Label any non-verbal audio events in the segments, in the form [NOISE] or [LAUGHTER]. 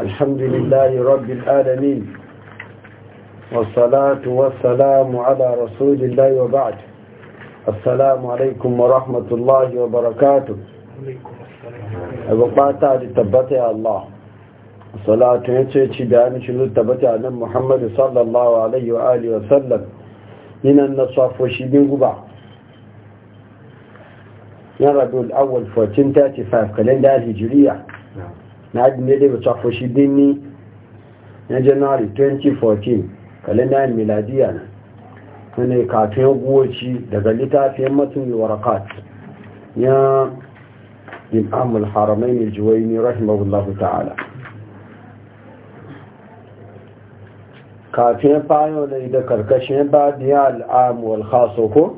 الحمد لله رب العالمين والصلاة والسلام على رسول الله وبعد السلام عليكم ورحمة الله وبركاته أبقى تعالي تبتي الله الصلاة يتشي شلو تبتي على محمد صلى الله عليه وآله وسلم من النصف وشبين قبع يا ربي الأول 1435 كالندا الهجرية na adine da wata fashi dini na january 2014 kalendar miladiya na wani katon guwaci daga littafin matun warakat ya imam al-haramain al-juwaini rahimahullahu ta'ala kafin fayo ne da karkashin ba diya al'amu wal khaso ko?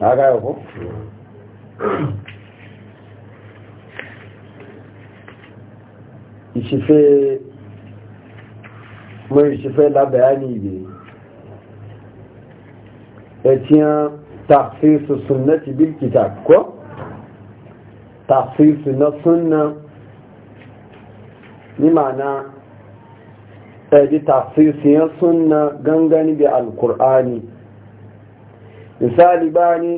haka yau ko? ìṣẹ́fẹ́ mọ́ ìṣẹ́fẹ́ lábẹ̀ání ìgbè ẹ̀tíyàn tàfíìsù súnná ti bí kìtà kọ́ tàfíìsù na súnná ní ma'ana ẹ̀dí tàfíìsù yẹn súnná gangan bí alkùr'ani misali bani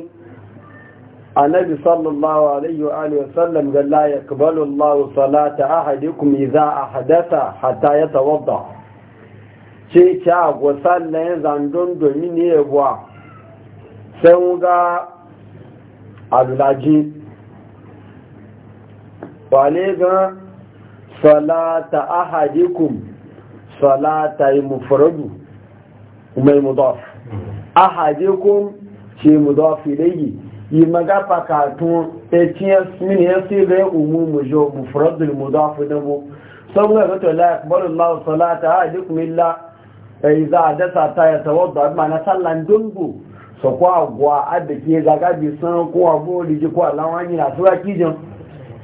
annabi sallallahu alaihi wa alihi wasallam ga la yaqbalu Allahu salata ahadikum idza ahdatha hatta yatawadda ce cha go sallan zandon domin ne yabwa sai ga alulaji wale ga salata ahadikum salata mufradu mai mudaf ahadikum ce mudaf ilayhi yi magafa katun ta ciyar mini ya sai ga umu mu jo mu furadul mudafu da mu sun ga zato la yakbalu Allah salata a ah, duk milla ai eh, za a dasa ta ya tawadda amma na sallan dungu so ko agwa adake ga gabi san ko abo liji ko alawani na suka kijin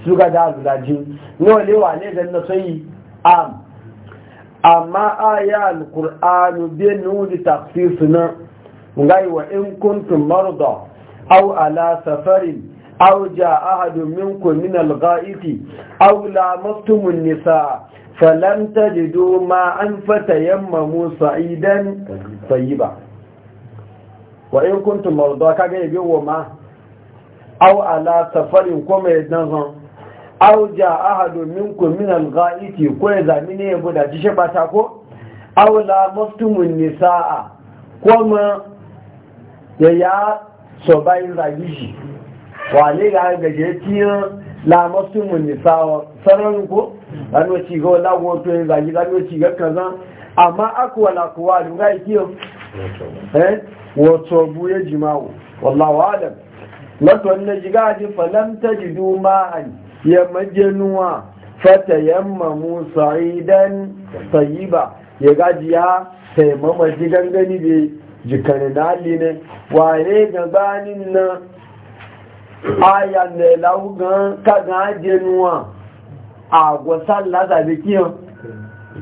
suka da azulaji no le wa le da na sai am amma aya alqur'anu bi nuni tafsisuna ngai wa in kuntum marda aw ala safarin aw jaa ahadun minkum min al-ghaibi aw lamastum an fata yamma tajidu ma'an fatayammamu sa'idan tayyiba wa in kuntum marda kaga yabi wa ma aw ala safarin ko mai dan aw jaa ahadun minkum min al-ghaibi ko ya zamine da jishe bata ko aw lamastum nisaa kuma ya ya sọba ìrìnàjíjì wà ní gàgàjẹ́ tí yán lámọ́sùnmù nìsáwọ̀ sararin ko ranar ci ga lagos to yin zagi ranar ci ga kaza amma akuwa na kuwa da ga iki yau eh wato buye jima'u wallahu alam latuwan na jiga ji falamta ji duma'an ya majenuwa fata yamma musa idan sayiba ya gaji ya taimama ji gangani bai jikani na ne ware gabanin nan aya ne laugan kaga ajenuwa a gwasan lazabi kiyan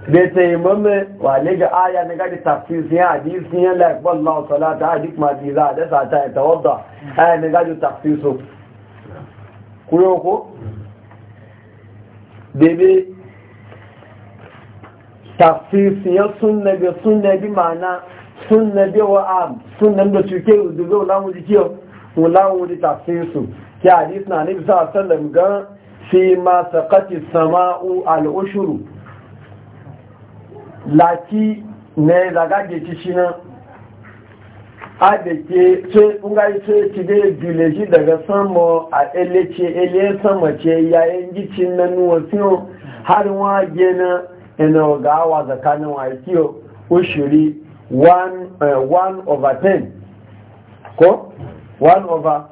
da ta yi mamme wale ga aya na gadi tafsir siya hadis siya laif wallahu salata hadis ma ji za a dasa ta ya tawadda aya na gadi tafsir so kuyo ko bebe tafsir siya sunna ga sunna bi ma'ana sunna bi wa am sunna da tuke dugo lamu ji kiyo mu lamu ji tafsiru ki hadis na nabi sallallahu alaihi wasallam ga fi ma saqati samau al ushuru laki ne daga ge ci na? a da ke ce ƙungayi ce ci dai bileji daga sama a elece ele sama ce yayin e gicin na nuwa fiyo har wa gena ina e ga awa zakanin wa kiyo ushuri one uh, one over ten ko one over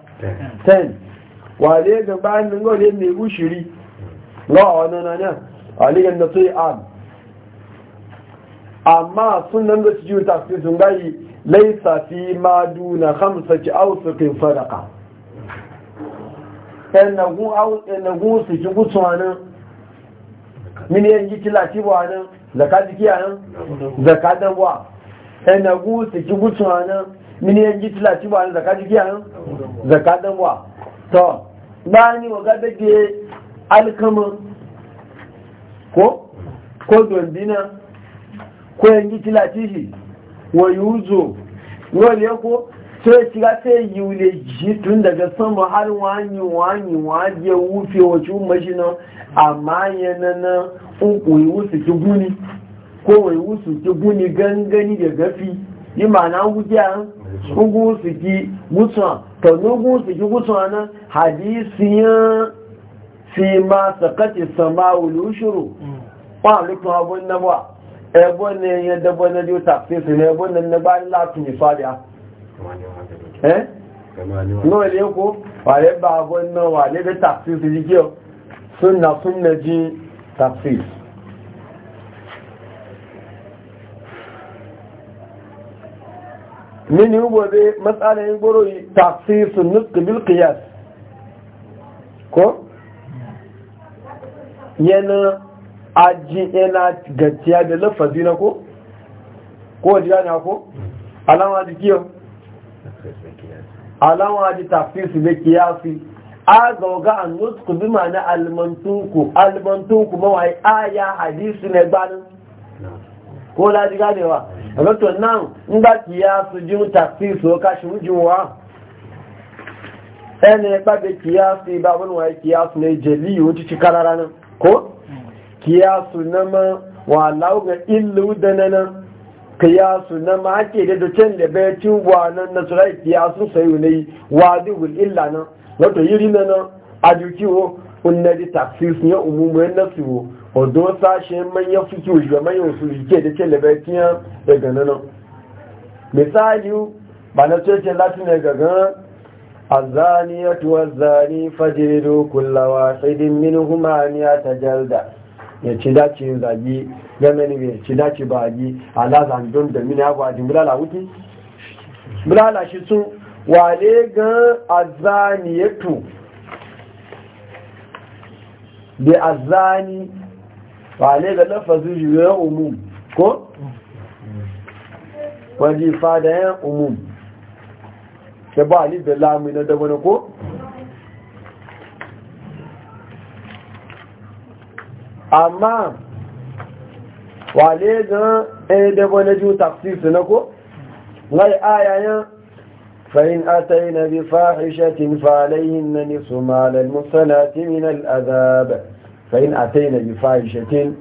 ten wale gaba nan gole mai ushiri ga wannan nan aligan da yi am amma sunan da su ta tafsir sun gayi laisa fi ma duna khamsati awsuqin sadaqa enagu au enagu su ji gutsuwanin miliyan ji tilati wa nan zakat ji nan zakat da wa ẹnagu sìkí gútù àná mini ẹjí tí láti wà ní zakadì kí àná zakadì wà tọ́ bá wa wọ̀gá bẹ́gbẹ́ alikama ko? Ko dondina kó ẹjí tí láti hì wọ̀ yíò zò wọ́n lè kó sai ó ti gáfẹ́ yi lè jí tun daga sama, har wáyí wáyí wáyí wúfe wọ́n amma ó mọ́ṣínà àmáyẹnana ń kò ìwúsìkí gúni ko kowai wusu ki guni gangani da gafi yi mana wujiya gugu su ki gutsuwa ta nugu su ki gutsuwa na hadisiyan fi ma sakati sama wulushuru ba lukun abun na ba ẹgbọ́n ni ẹyẹ dẹgbọ́n na yóò tàfíìsì ní ẹgbọ́n na ba ní bá láti ní fàdíà ẹ́ náà ilé kó wà lè bá abọ́n náà wà lè tàfíìsì yíkẹ́ súnnà súnnà jí tàfíìsì min yi gobe matsalayin goro taksisu nutsu bil qiyas ko yana aji gajiya da lafazi na ko ko jira na ko alama ji kiyo alama ji taksisu bil qiyasi a gauga an nutsu aya hadisi ne ko laji ganewa rato nan in ba ki ya su jin taksi su ka shi mujinwa Ene ba da kiyasi ba wani wa kiyasu ne jeli wuce ci karara nan ko kiyasu na ma wa lauga illu da na nan kiyasu na ma ake da dukkan da bai ci wa nan na surai kiyasu sayo ne wa duhul illa nan wato yiri na nan a dukiwo kunna ji tafsir ya umumu ya nasu odo sashe manyan fiki wujuwa manyan su rike da ke labarkiya daga nan misali ba na cece latin daga gan tuwa zani fajiru kullawa mini minhuma ni ta jalda ya ci dace zagi game ne ya ci dace bagi ala zandon da mini ya di bulala wuti bulala shi sun wale gan azaniyatu da azani ba ne da lafazin juyen umum ko? waje fada yan umum ke ba ni da lami na dabana ko? amma wale gan ɗaya eh, dabana ju taksisi na ko? ngai ayayen فإن أتينا بفاحشة فعليهن نصف ما على المحصنات من العذاب فإن أتينا بفاحشة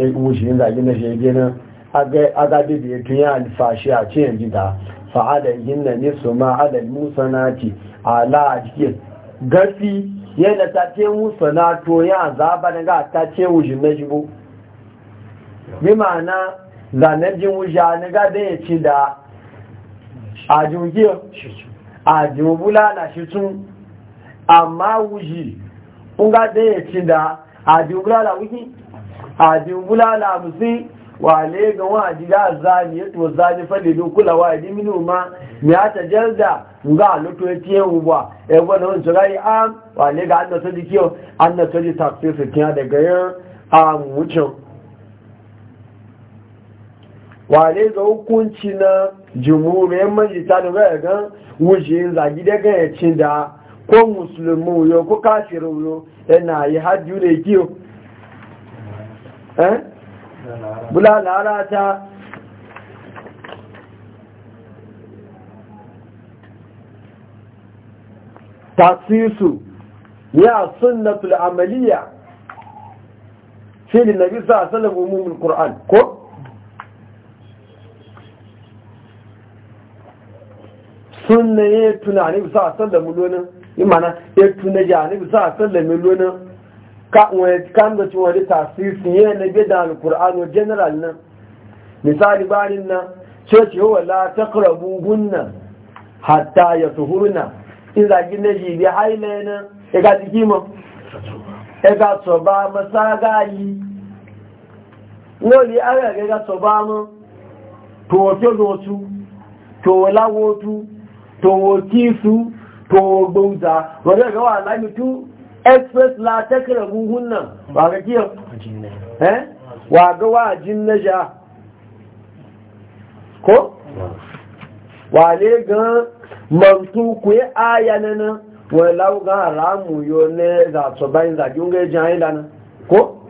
وجهن ذاكنا شيئنا أقابي بيتيا الفاشية تين جدا فعليهن نصف ما على المحصنات على أجل gafi yadda ta ce musu na toya zaba daga ta ce wujin na jibo bi ma'ana zanajin wuja na gadon ya ci da àjùn kí ọ amma búláàlà ṣetún àmá wùyí ń gádé ìtìdá àjùn búláàlà wíkí àjùn búláàlà àmùsí wà lè gan wọn àjíjá záàni ètò záàni fẹ́lẹ̀ ló kúlà wà ìdí mínú ma ní àtẹ̀jẹ́dà ńgá lótó etí ẹ̀hùn wà ẹgbọ́n náà jọra ga á wà lè gan annatọ́jú kí ọ annatọ́jú tàfífì kí á dẹ̀gẹ̀rẹ̀ àmúchàn wale ga hukunci na jimurin majita da gaya gan wuce zagi da gaya cin da ko musulmi wuyo ko kafirin wuyo yana yi hajji ne kiyo eh bulalara ta tasisu ya sunnatul amaliya fi da nabi sallallahu alaihi wasallam umumul qur'an ko sunna ya tuna ne bisa sallamu lonin imana ya tuna ja ne bisa sallamu lonin ka kan da cin wani tasirin yana na al alkur'ano general nan misali banin nan ce ce yawa la ta karabu gunna hatta ya tuhurna in zagi na jibi haila na ya ga jiki ma ya ga tsoba masa gayi wani ara ga ga tsoba ma to wato zo su to lawo tu towo kisu towo gbauta wadda ga wa lami tu express la ta kira gungun nan ba ga kiyo eh? eh wa ga wa jin naja ko wa le ga mantu ku aya nan wa law ga ramu yo ne za to bayin za junge jan ila nan ko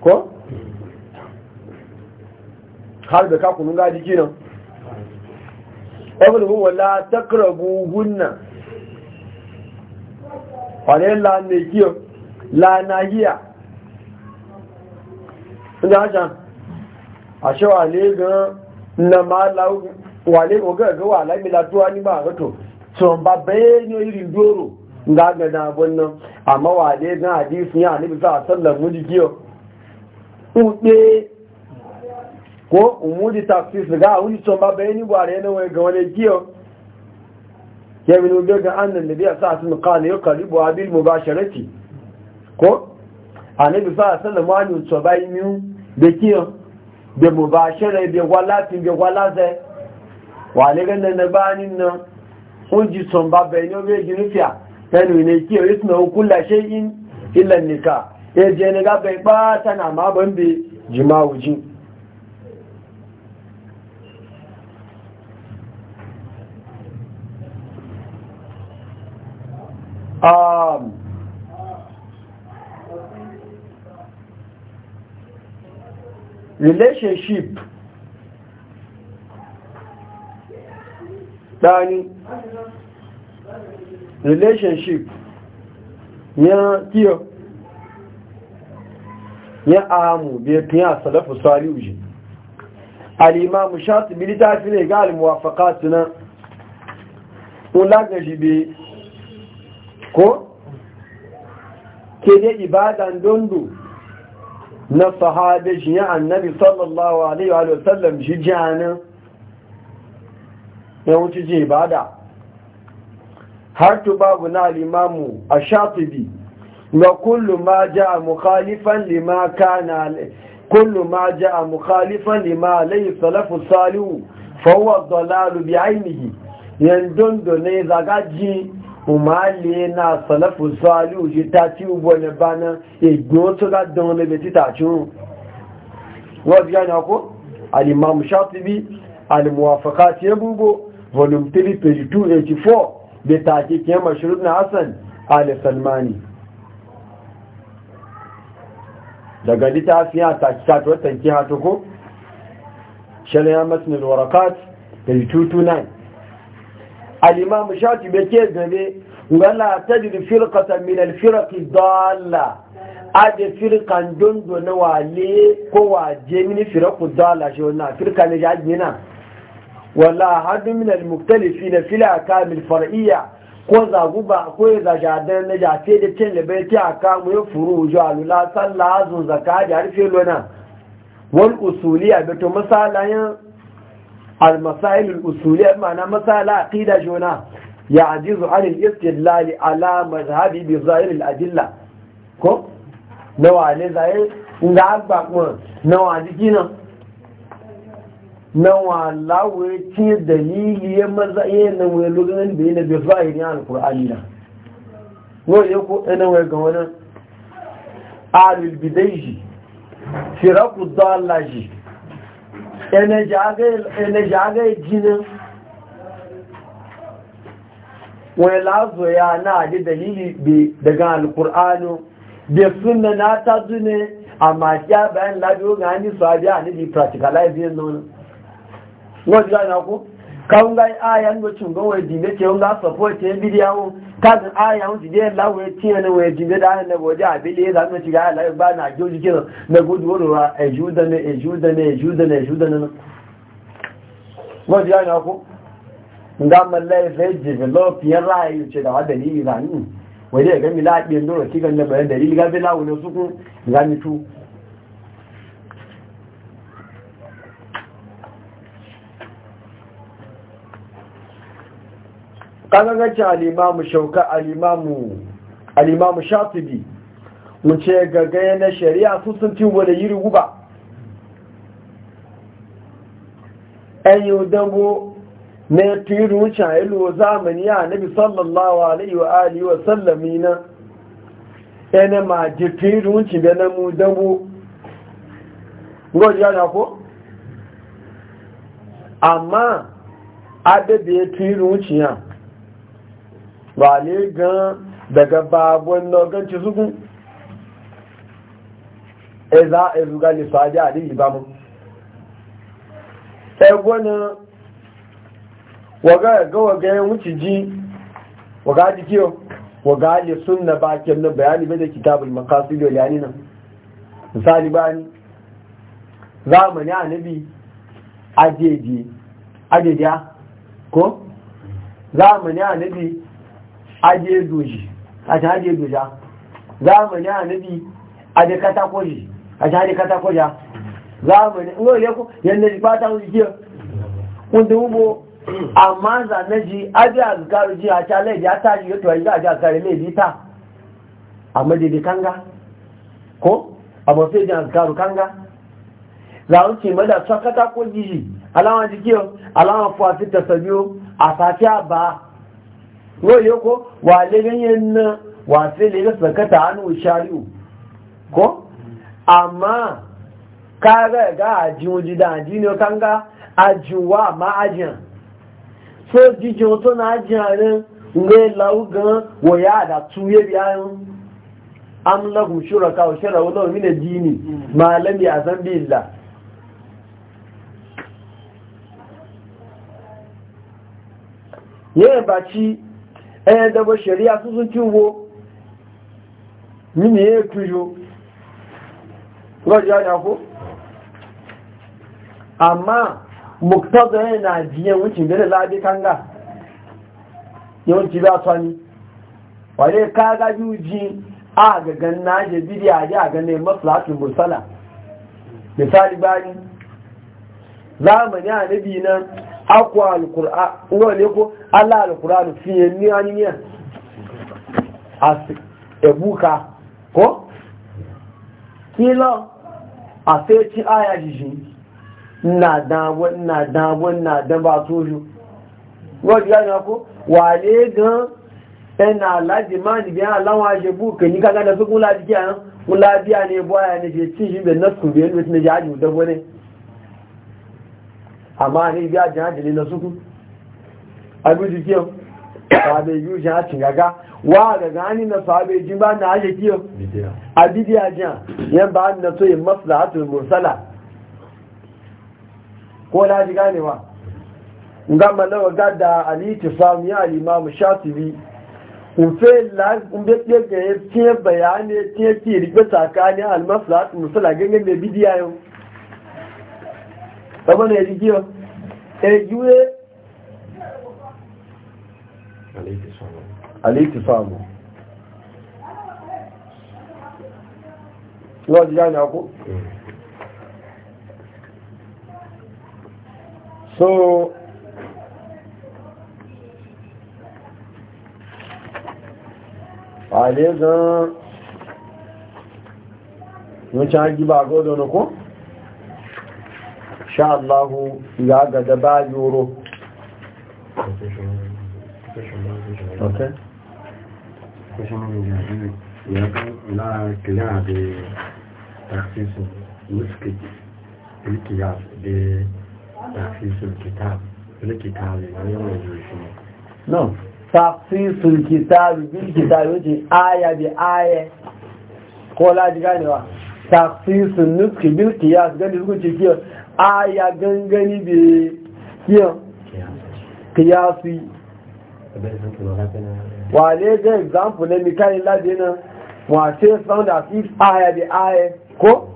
ko hmm. har da ka kunun gaji kinan ọmọdé fún wọ́n látẹ́kọ̀rọ̀bù húnnà ọ̀rẹ́ lánàíyà lánàíyà ní àṣà àṣẹ wà ní gan na máa wà ní ọgọ́gọ́ wà láìmìlá tó wá nígbà àrọ́tò tí wọ́n bẹ́ẹ̀ ní orí dóró gágada abọ́nà àmọ́ wà ní gan àdífin àníbìfẹ́ àtọ́lẹ̀ mú ko umudi tafsir ga wani tun ba bayani ba ne wai ga wani giyo ya min ubi ga annan nabi a sa'atun muqala ya qalibu abil mubasharati ko annabi sa sallallahu alaihi wasallam tun ba yi da kiyo da mubashara da walatin da walaza wa le ga nan banin nan hunji tun ba bayani obi ginifiya tanu ne kiyo isna kullu shay'in illa nikah je ne ga bai ba tana ma ban bi jima'u jin um relationship dani relationship ya kiyo ya amu bai fiye salafu salihu ji al'imamu shatu bilita fi ne ga al-muwafaka suna ulaga shi bai ko ke ne ibadan dundu na sahabe shi ya annabi sallallahu alaihi wa sallam shi jihanin ya wuce ji ibada har tu babu na limamu a shafibi ga kullum ma ja'a mukhalifan lima kana Kullum ma a mukhalifan lima alayhi salafu salihu fa dalalu dhalalu bi ainihi yan dundu ne zagaji umali na salafu sali uji ta ti ugbo ne bana egbon to ga don le beti ta chun wọ́n bí yánà kó alimamu shatibi alimuwafaka ti egungo volume 3 page 284 da ta ke kiyar mashirin na hassan ali salmani daga littafiya ta ta kitatu watan kiyar hatuku shari'a matsinil warakat page 229 الإمام الشافعي بكير قال ولا تجد فرقة من الفرق الضالة أدي فرقة جند دون قوى جميل فرق الضالة جونا فرقة نجعلنا ولا أحد من المختلفين في الأحكام الفرعية كوزا غوبا كوزا جادن نجا zaga da na أحكام da cin لا صلاة زكاة ka mu ya furu ju alula المسائل الأصولية معنى مسائل عقيدة جونا يعجز عن الاستدلال على مذهبي بظاهر الأدلة كم نوع لظاهر نعم باقوان نوع لكينا نوع لاوتي دليل يمزعين نوع لغنان بين بظاهر عن القرآن لا ويقول أنا ويقول أنا أهل البدايجي فرق الضالة جي ẹnẹjì agẹ́ ìjínà wọn láàzọ̀ ya náà dé dalili daga alkùránù da suna na tazu a masu bayan labiyo ga hannu su abi a nabi practicalize yin nuna wọ́n kan ga ayan go cin go wai dine ce nga support ne bidiyawo kan ayan ji je la wai tiye ne wai ji da ne bo ja bi da ne ci ga la ba na jo ji ke na go du ro e ju ne e ju ne e ju ne e ju da ne wa ji ana ko nga mallai sai develop ya rayu ce da dalili ga ni wai da ga mi la bi ndoro ci kan ne ba dalili ga bi la wani su ku ga mi tu kaga gancin alimamu shauka alimamu shafibi ga gaya na shari'a su sun ci wani yiri guba an yi dango na turu wuce a ilo zamani ya nabi sallallahu alaihi wa alihi wa sallami na yana ma ji turu wuce da na mu dango gwajiya yana ko? amma adabe ya turu wuce ya ba ne gan daga babon noganci suku e za a yi zuga ne su aji a ɗin ibamu egwani waga ga waga ya wuce ji waga ji kiyo waga ali sunna na ke nan bayani bai da kitabul maqasid wal yani nan misali bani zamani annabi ajeje ajeje ko zamani annabi aje doji a aje doja aje ngo le ko yanda wuce ki kun da ubo amma za na ji aje ji a ta lai ya ta to ai aje bi ta amma kanga ko amma sai kanga za mu mada sakata ko ji alama jikiyo alama fuwa fitta sabiyo a safiya ba wai ko wa le ganyen na wa sai le ga sakata hannu shari'u ko amma ka ga ga ajin ji da ajin ne kan ga ajuwa ma ajin so jijin to na ajin ran ngai laugan wa ya da tuye biyan am shura ka wa shara wa min ad-dini mm. ma lam ya'zam billah ye bachi ẹ̀yẹn dẹ̀bọ̀ ṣẹ̀ríà tuntun tí wo nínú yẹ́ kúrò rọ́jọ́ àyàkó àmá mọ̀tọ́dọ̀ ẹ̀yẹn na jíyẹn wọ́n ti bẹ̀rẹ̀ láàbí kanga yóò ti bá tọ́ ni wàlẹ́ kága bí jí agagan na jẹ bídí àjẹ́ àganẹ mọ́sílátì mursala misali a nabi nan akwa alkur'an wani ko allah alkur'an fiye ni a niya a ebuka ko kilo a feci aya jiji na dawo na dawo na dan ba tojo wọ́n yá ní ọkọ́ wà lé gan ẹnà aláàjì máa nìbí aláwọn ajẹ́bù kè ní kágádà tó kún láti kí amma ne biya jihar jini na suku agbiji kiyo yu yi jihar cingaga wa ga gani na sahabe ji ba na aje kiyo a bidiya jiya? yan ba na so yin maslahatul mursala ko na ji ganewa nga malawa gada alitifam ya sha, shatibi ufe la umbe ɗaya ga ya tiye bayani tiye ki rigbe tsakanin almaslahatul mursala gangan da bidiya yau ọgbọ́n ẹ̀rí jiyo, ejiwe ẹ̀yúwé alìtìsọ́mù lọ́ọ̀ so àlẹ́ gan-an ba ṣáájú bá شاء الله يا غدا يورو اوكي لا كلا دي تخصيص مسكت اللي دي تخصيص الكتاب الكتاب اللي هو يجوشي نو تخصيص الكتاب بالكتاب يجي آية بآية قولات جانبا تخصيص النسك بالقياس قال لكم تشكيه aya gangani be kiyan kiyasi wale ga example na mikali ladina wace sound as if aya bi aya ko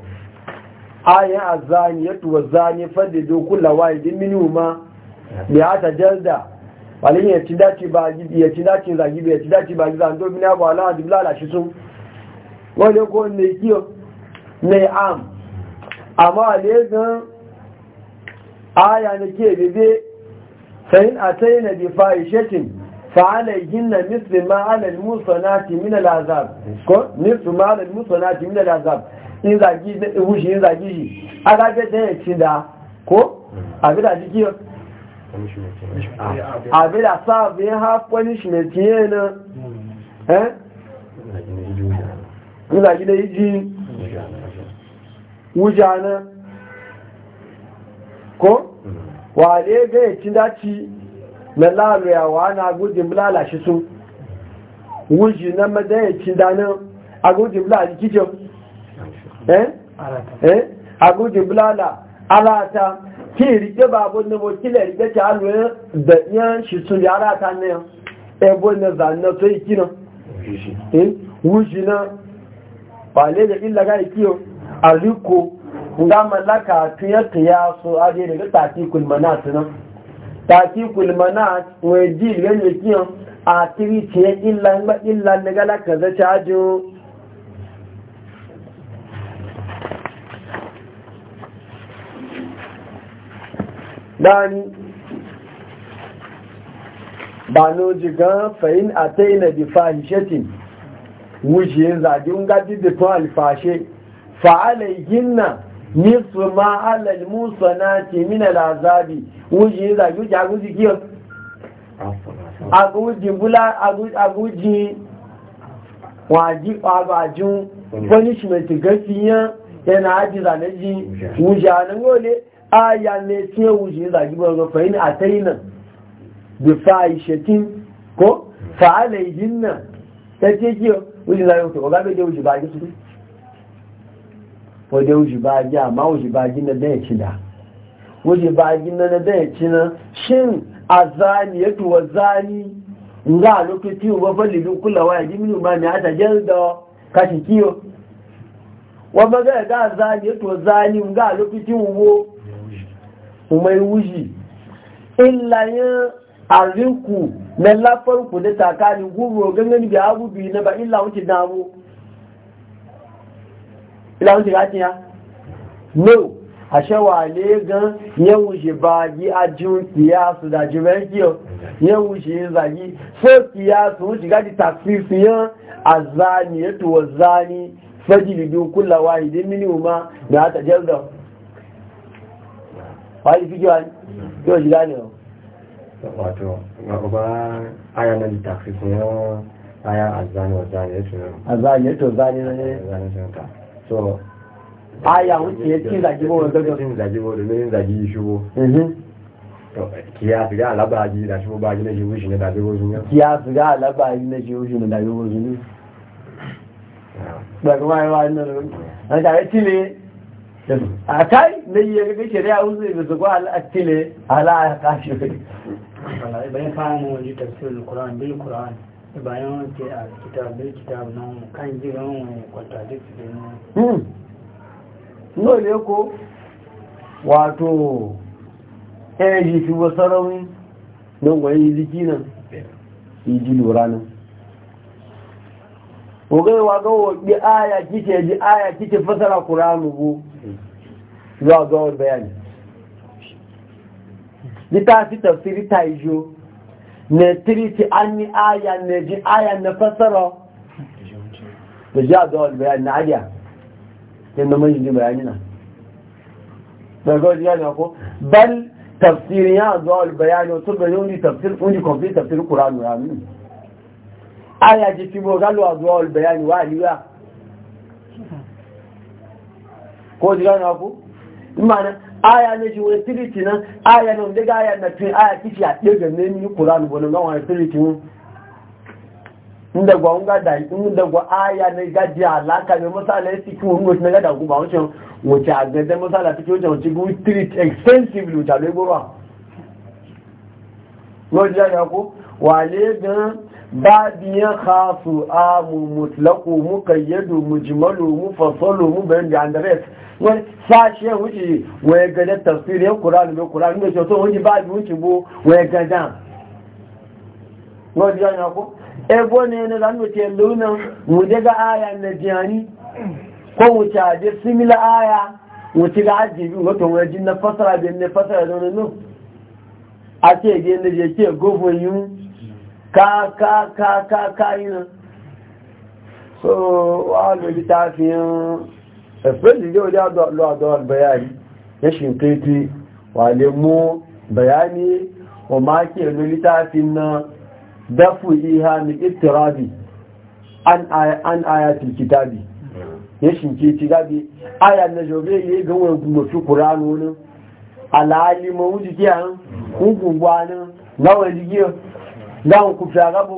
aya azani yatu wazani fadidu kullu wahidin minhuma bi ata jalda wale ya tidaci ba gibi ya tidaci zagi bi ya tidaci ba gibi zan do mina ba ala, dibla la shi sun wale ko ne kiyo ne am amma ale gan aya ne ke bibi sayin atayna bi fahishatin فعليهن مثل ما على المصنات من العذاب مثل ما على المصنات من العذاب in zagi wuce in zagi shi a zage ta yi cinda ko abida jiki abida sa bin ha punishment yi na eh in zagi da yi wujana ko mm. wale ga yakin daci na laruyawa na gudun lalashi sun wuji na madayakin danin a gudun lalashi kijin eh eh a gudun lalashi alata ki rike babun na wakilai rike ta hannu da yan shi sun e yi alata na yan ebo na zanen to yi kinan wuji na wale da illa ga ikiyo a riko nga mallaka tuya tuya so aje daga tafi kulmana tunan tati kulmana wai ji ganye kiyan a tiri ce illa ba illa daga laka za ta ajo dani ba no jigan fa'in a ta yi na ga wuce zagin gadi da tun alfashe fa'alaihin nan nisu ma alal musa na ce mina lazabi wuji ne zagi wuji aguji kiyo aguji bula aguji waji kwabajin punishment ya yana aji ji. wuji anan gole aya ne tiye wuji ne zagi gwagwa fahim a ta yi nan bi fa'ishatin ko fa'alaihin nan ta ce kiyo wuji zagi wuji ba gabe da wuji ba a gisu wadda wuji ba ji amma wuji ba ji na daya ci da wuji ba ji na na daya ci na shin a zani ya tuwa zani nga a lokaci wa bali kula wa ji minu ma ne ata jan da kashi kiyo wa maga ga zani ya tuwa zani nga a lokaci wo umai wuji illa yin arinku na lafarku da takani guro gangan bi abu bi na ba illa wuce damu láwọn ti ráti ya no a lè gan yẹn ń ṣe bá yí ajú kìíyà sùdájú mẹ́kíọ̀ yẹn ń ṣe ìzàyí fẹ́ kìíyà sùn ti gáàdì tàbí fi hàn àzáni ètò ọ̀záni fẹ́jìlìdì okúnláwà ìdí mínú ma ní àtàjẹ́ azani wa zani ya so aya wuce cin zagi bo da cin zagi bo da min zagi shi bo mhm. kiya su ga da shi bo ba ji na shi ne da jiwo sun kiya su ga alaba na jiwo shi ne da jiwo sun ne ba kuma ai wannan an da tile a kai ne yi ga shari'a uzu da su ko al-tile ala ka shi bayan fa mu wani tafsirul qur'an bil qur'an bayan ce a kitabe kitabe nan kan jiran wani kwantadikti da nan hmm. ne ko wato energy eh, fi wasu rauni don gwaye jiki nan yi ji lura nan ogaiwa ga wabi aya kike ji aya kike fasara kuranu bu zuwa gawar bayani ta fi tafsiri ta yi ijo Ne tiriti an yi aya ne ji aya na fasara e da ja da zuwa bayani na ariya yadda mai ji bayani na daga wajen yana ko bal tafsirin ya zuwa wani bayani wasu bayani wani tafsir wani kwamfi tafsir kuranu ya nuna aya ji fi bogalo a zuwa wani bayani wa aliyu ko ji gano ku imana aya ne ji wani siriti nan aya nan daga aya na tun aya kici a ɗaga ne ni kuran wani gawa na siriti mun inda gwa da inda gwa aya ne ga alaka ne masala ya tiki wani wasu na gada guba wancan wace a masala tiki wace wace gwi siriti extensively wace a lagorwa wajen ya babiyan khasu amu mutlaku mukayyadu mujmalu mufassalu mubayyan da andres wani sashe wuce waye gada tafsirin kura da qur'ani da shoto wuce babi wuce bo waye gada ngodi yana ko ebo ne ne zan wuce luna mu daga aya na jani ko wuce aje similar aya wuce ga ajibi wato wajen na fasara da ne fasara da wani no a ce ga ne je ce gofin yun ka ka ka ka yi nan so wa bayani ya shinkaifi bayani wa na dafu iha ni itirabi an ayatul kitabi ya shinkaiti gabi aya na jobe ganwa kuranu ma wujikiya dáhùn kùfẹ́ arábò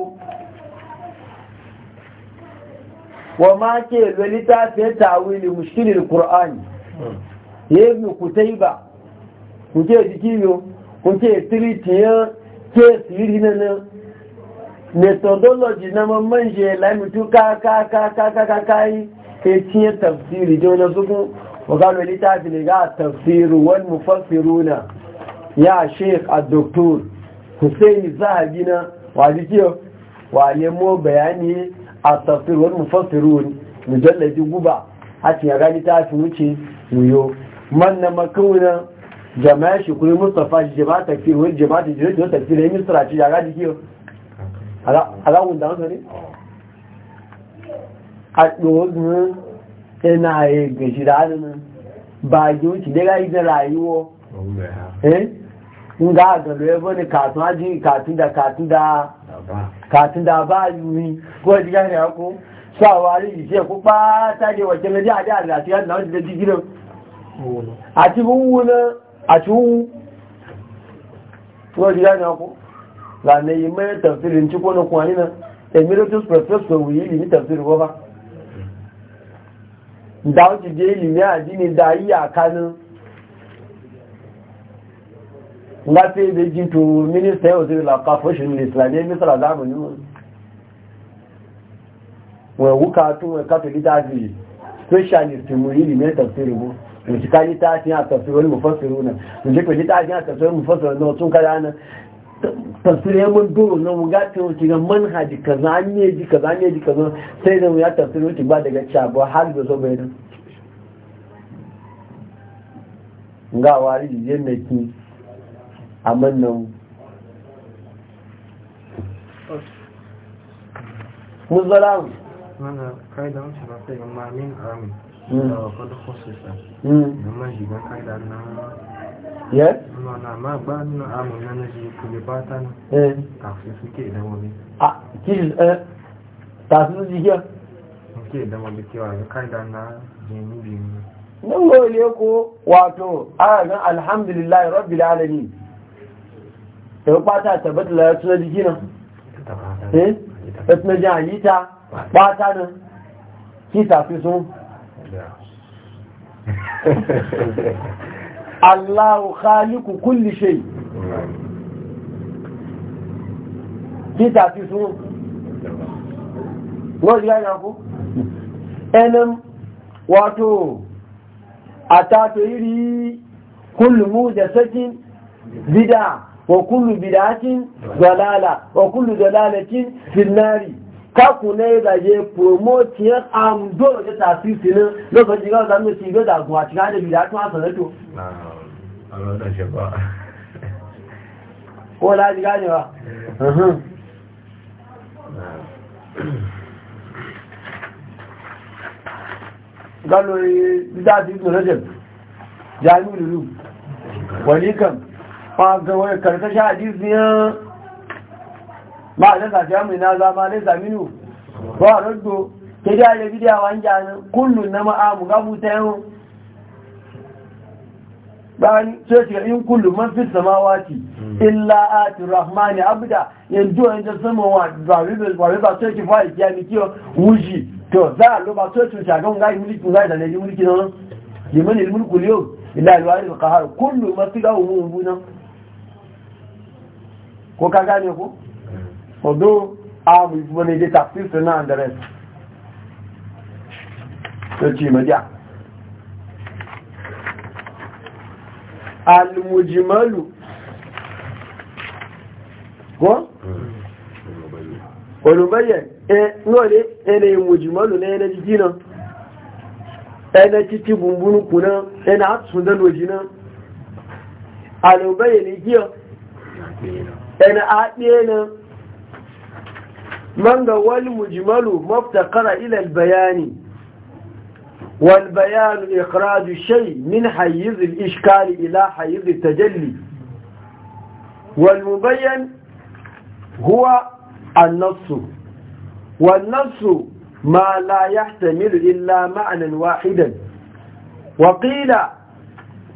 wọ́n máa kí èlò lítà fi ń tàwí lè mùsùlùmí kùrán yìí mi kù tẹ́ ibà kù tí èdè kí yóò kù tí ètìrí ka ka ka ka ka methodology na mamman ṣe tafsiri káàkáàkáàkáàkáàkáàyí na tafsiri jẹ́ littafi sókún ga لي تعزل قاعد تفسير والمفسرون Hussaini za الدكتور حسين na. waje kiyo waye mo bayani a tafsir wal mufassirun mujalladi guba a cikin gani ta fi wuce muyo man na makuna jama'a shi kuma mustafa shi jama'a tafsir wal jama'a da jirgin tafsir ya misra shi ya gani kiyo ala wunda an sani a ɗogun ina yi gashi da hannun ba yi wuce daga idan rayuwa eh in ga gano ya bane katun aji katun da katun da katun da ba yi ko ji gane ya ko sawa ri ji ko ba ta je wa na ji a da lati ya na da digido a ati bu na ati ti wu ko ji gane ya ko la ne yi mai tafsirin ci ko na kwani na emeritus professor wi yi ni tafsirin ko ba da wuce je ilimi addini da yi a kanin láti ibi jí tó mínísítẹ̀ òsìrí làpá fóṣìlú ìsìlàdé mísìlà dáàmù ní wọn wúka tún wọn kátòlí dáàbì specialist mú yìí ní tafsiri mú òṣìká yí tààtí àtàfsiri wani mufasiru náà òṣìká yí a àtàfsiri wani mufasiru náà tún kára náà tafsiri yamun doro na wuga ta wuce ga manhaji kaza an yi ji kaza an yi ji kaza sai da ya tafsiri wuce ba daga cabo har da zo bai nan ga wari yennaki amman nan muzalam mana kaida mace ba ta yi mamin amin hmm. da wakil kusursa hmm. da majiga kaida na yes mana ma ba nuna nan na naji kule ba ta nan kafin suke idan wani a kiri eh tafi su jikiya suke idan wani kewa ya kaida na jini biyu nan gole ko wato a ran alhamdulillah rabbil alamin yau bata tabbata la tuna jiki nan eh tuna ji halita bata nan ki tafi sun Allahu khaliku kulli shay ki tafi sun wọ́n yá yàkó ẹnum wato a tato iri kullum da sakin bida وكل بدعة ضلالة وكل ضلالة في النار kaku ne da je promote ya amdo da tafi sinin lokacin ga zamu ci ga da kuwa cikin da bidatu a sanato na da shi ba ko la ji gane ba galo da ji no rajab jami'u lulu walikan fagawar karkashin hadisiyan ba a zaka fiye mai na zama ne zaminu ba a raddo ta da ya bidiya wa hanjanin kullum na ma'amu gabuta yawon bayan sai shiga in kullum mafi samawati illa ati rahmani Abuda, yanzu yanzu sama wa ba sai ki fa'a kiyami kiyo wuji to za a lo ba sai ki shagan ga mulki ga da ne mulki nan liman al mulku al yawm illa al wahid al qahar kullu ma tigahu mu bunan ko ka gane ko? odo abu wani dai tafsir suna da rest ta ce maja al-mujmalu ko? olùbẹ́yẹ̀ náà ní ẹni ìmòjìmọ́lù ní ẹni jíjí náà ẹni títí bùnbùnukù na? ẹni àtúndẹ́lòjì náà alùbẹ́yẹ̀ ní jíọ́ ɗana a ɗaya من wal mujmalu maftaqara ila al-bayani wal bayan ikhraj shay min hayz al-ishkal ila hayz al-tajalli wal mubayyan huwa an-nass wal nass ma la yahtamilu illa ma'nan wahidan wa qila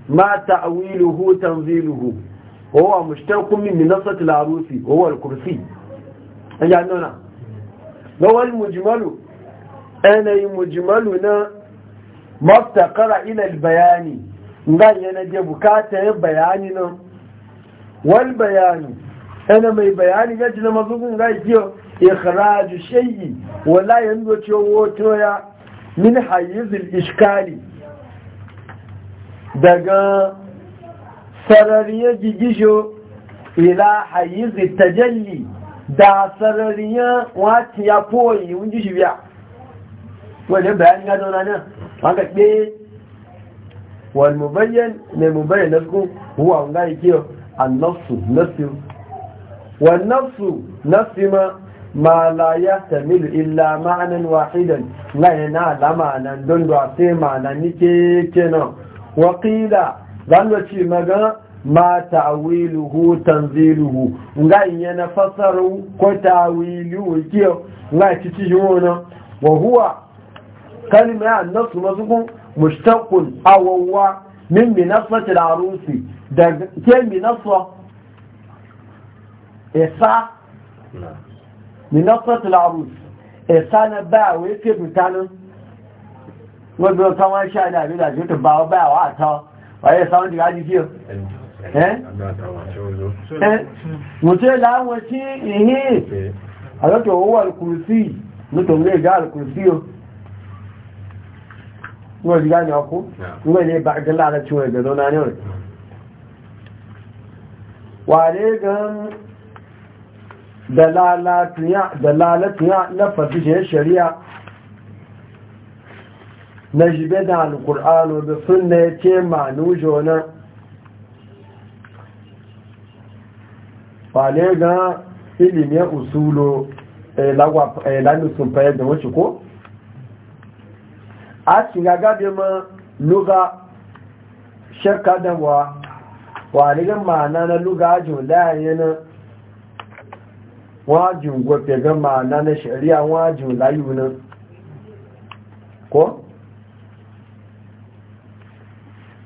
ma ta'wiluhu tanziluhu هو مشترك من منصة العروس هو الكرسي أجل أجعلنا هو المجمل أنا مجملنا ما افتقر إلى البيان قال أنا دي بكاته بياننا والبيان أنا ما بياني جاجنا مظلوم قال كيو إخراج شيء ولا ينبو توتويا من حيز الإشكال دقاء sarariya gigijo ila hayizi tajalli da sarariya wati ya koyi wun shi biya wanda bayani ga zauna nan haka ɗe wani mubayyan mai mubayyan na su huwa wanga yake annafsu nafsu wal nafsu nafsi ma ma la yahtamilu illa ma'anan wahidan la yana da ma'anan don da sai ma'anan nike kenan wa zan ce maga ma ta'wiluhu tanziluhu nga na fasaru ko ta'wiluhu kiyo nga ci ci jona wa huwa kalma ya nasu mazuku mushtaqun awwa min minasati al-arusi da ke minaswa isa minasati al-arusi isa na ba wai ke mutanen wanda kawai sha da bi da jitu ba ba wa ta waye samun diga ji fiye eh mutu láwọn tí ìhí àlọ́tọ̀ owó alkùrùsí nítò ní ìgá alkùrùsí o wọ́n diga ní ọkú wọ́n ní bàgẹ́lá àti wọ́n ìgbẹ̀dọ́ náà ní ọ̀rẹ́ wà ní gan dalalatiya lafafi shari'a na jibe da alkur'anu da sunna ya ce manu jona wane ga ilimin usulo eh, eh, lamisun fayar da wacce ko? a shiga gabe ma luga shakka da wa wane ga ma'ana na luga ajiyar layayyana wajin gwafe ga ma'ana na shari'a wajin layunan ko?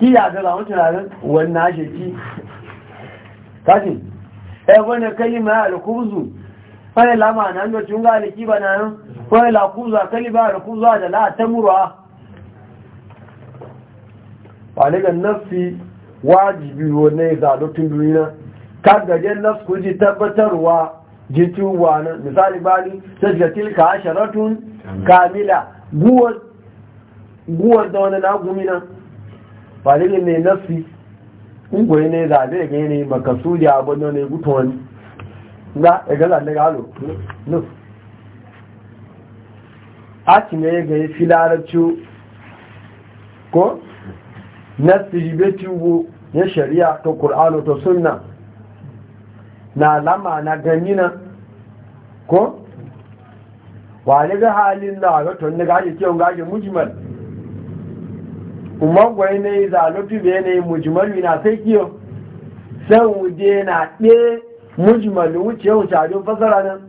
Kiya yàtọ̀ làwọn tunanin wọn na ṣe kí kásì ẹgbọ́n ni kẹ́lì máa alkúzù wani lama na hanyar tun ga aliki ba na nan wani lakuzu a kalima ba alkúzù a da murwa? wani ga nafi wajibi wane zalotun duniya gajen nafi kuji tabbatarwa jituwa na misali bani sai ga tilka asharatun kamila guwar da wani na ba ne mai nasi ungoyi ne a zai ga yanayi maka suya abin yanayi gutu wani na egala ne galo no a ci ne ga yi filarci ko nasi jibe tubu ya shari'a ta ƙur'anu ta sunna na lama na ganina ko wani ga halin na ga ake kyau ga ake mujimar kuma gwai ne zalotu bai yanayin mujmalu na sai kiyo sai wuje na ɗe mujmalu wuce wuce a don fasara nan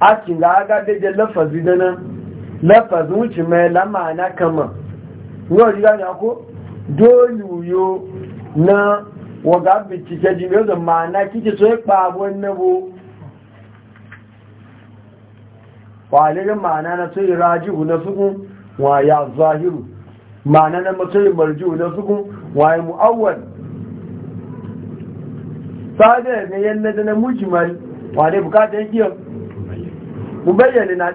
a cikin ga aga daidai lafazi da nan lafazi wuce mai lama na kama yau ji gani ako dole yo na waga bincike ji mai zan ma'ana kike so ya e kpabon na bo kwalirin ma'ana na so yi e rajihu na sukun wa ya zahiru ma'ana na matsayin marju na sukun waye mu'awwal sadar na yanna da na mujmal wane bukata iya? yau mubayyana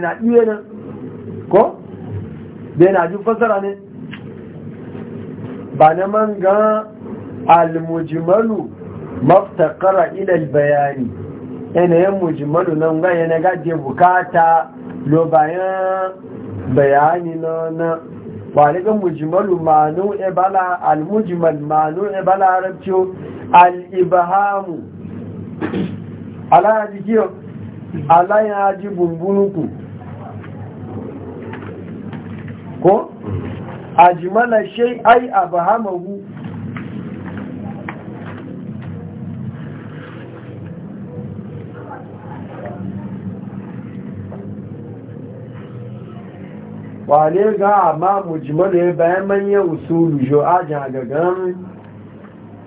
na iya nan ko? da yana jin fasara ne ba na man ga almujimalu maftakara ilal bayani yanayin mujimalu nan ga yana gaje bukata lo bayan bayani na waligan mujimalu manu ebala almujimal manu ebala arabciyo al'ibahamu alayaji kiyo alayaji bumbunuku ko ajimala shai ai abahamahu wane ga ma mujmalu bayan manyan usulu jo aja ga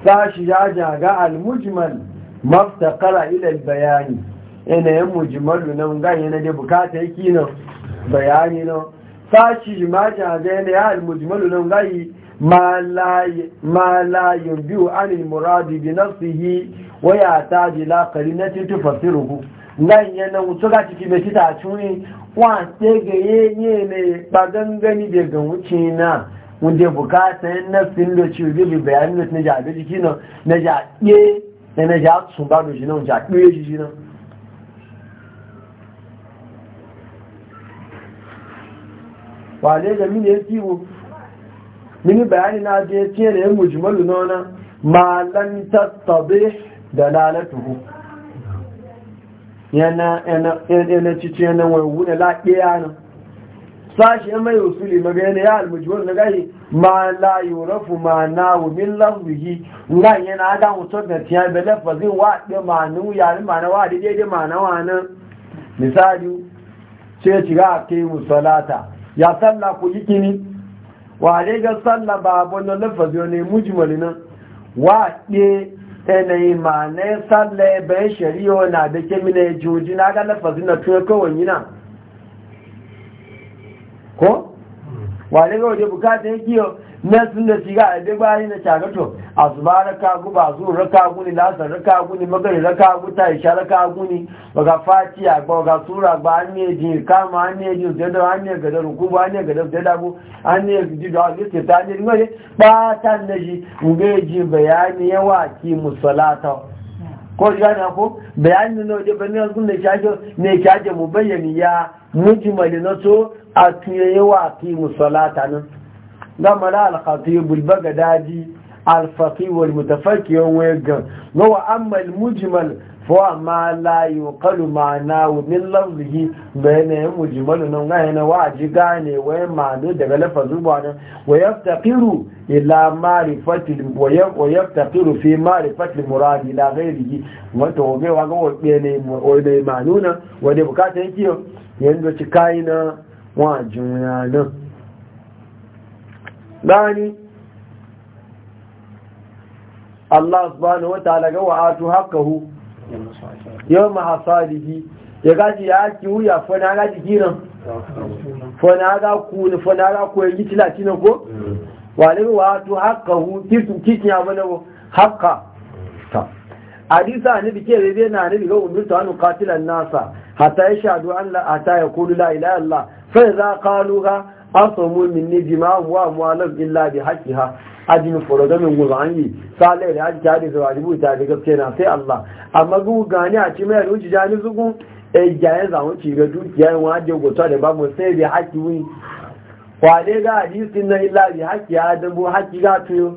sashi aja ga al-mujmal maftaqara ila al-bayani ina mujimalu nan ga na da bukata yake nan bayani nan sashi ma ja ga yana al-mujmalu nan ga ma layin biyu an yi muradi bi ta wa lakari na qarinati tufassiruhu nan yana ga ciki mai tita cuni wace ga yenye ne ba gangani daga wuce na wanda bukata yin nafin da ci rubi bayanin da na jaɗe jiki na na jaɗe na na ja sun ba da jina wanda ɗoye jiki na wale da mini ya kiwo mini bayani na je ce da yin mujimalu na ma lan tattabe da lalatuhu yana yana cici yana wani laɗe yana sashi ya mai usuli maga yana ya almujiwar na gari ma la yurafu ma na wumin lafzihi nga yana aga mutum da tiya da lafazin wa ɗe ma nu yari ma na wa daidai ma na wa misali sai ya shiga a kai musalata ya salla ku yi kini wa dai ga salla ba abun na lafazi ne wani nan wa ɗe yanayi ma na ya tsallaye shari'a na da ke juji ya na ga lafazin na tuwa kawai yana ko? wane hmm. ga waje bukata ya kiyo na sun da shiga a duk bayan da shagato a su ba raka gu ba zu raka guni lasar raka guni magari raka gu ta isha raka guni baga fatiya ba ga tura ba an ne ji kama an ne ji zai an ne gada ruku ba an ne gada zada bu an ne ji da liste ta ne ne ba ta ne ji nge ji bayani yawa ki musalata ko shi gane ko bayani ne wajen ne sun da shaje ne shaje mu bayani ya mujmali na so a yawa ki musalata nan gama na alkhatibul bagadaji alfaqi wal mutafakkir wega wa amma al mujmal fa ma la yuqalu ma'nahu min lafzihi bayna mujmal na ga yana waji wa ma ma'ana daga lafazin na wa yaftaqiru ila ma'rifati wa yaftaqiru fi ma'rifati murad ila ghairihi wato ga wa ga wabe ne wabe ma'nuna wa da bukata yake yanda ci kaina wa juna na. bani Allah subhanahu wa ta'ala ga wa'atu haqqahu yawma hasadihi ya gaji ya ki wuya fa na gaji kiran fa na ga ku fa na ga ku yi tilatina ko mm. walin wa'atu haqqahu kitu kitin ya bana haqqa ta hadisa ne bike rebe na ne ga umurta an qatilan nasa hatta yashhadu an la hatta yaqulu la ilaha illa fa idza qaluha asamu min ne jima wa mu'alaf illa bi haqqiha ajin min guzani sale da hajji tare da wajibu ta daga gaske sai Allah amma gu gani a ci mai ruci jani zugu e jaye za mu ci ga dukiya wa waje gota da babu sai bi haqqi wi wale ga hadisin na illa bi haƙi adam bu haqqi ga tuyo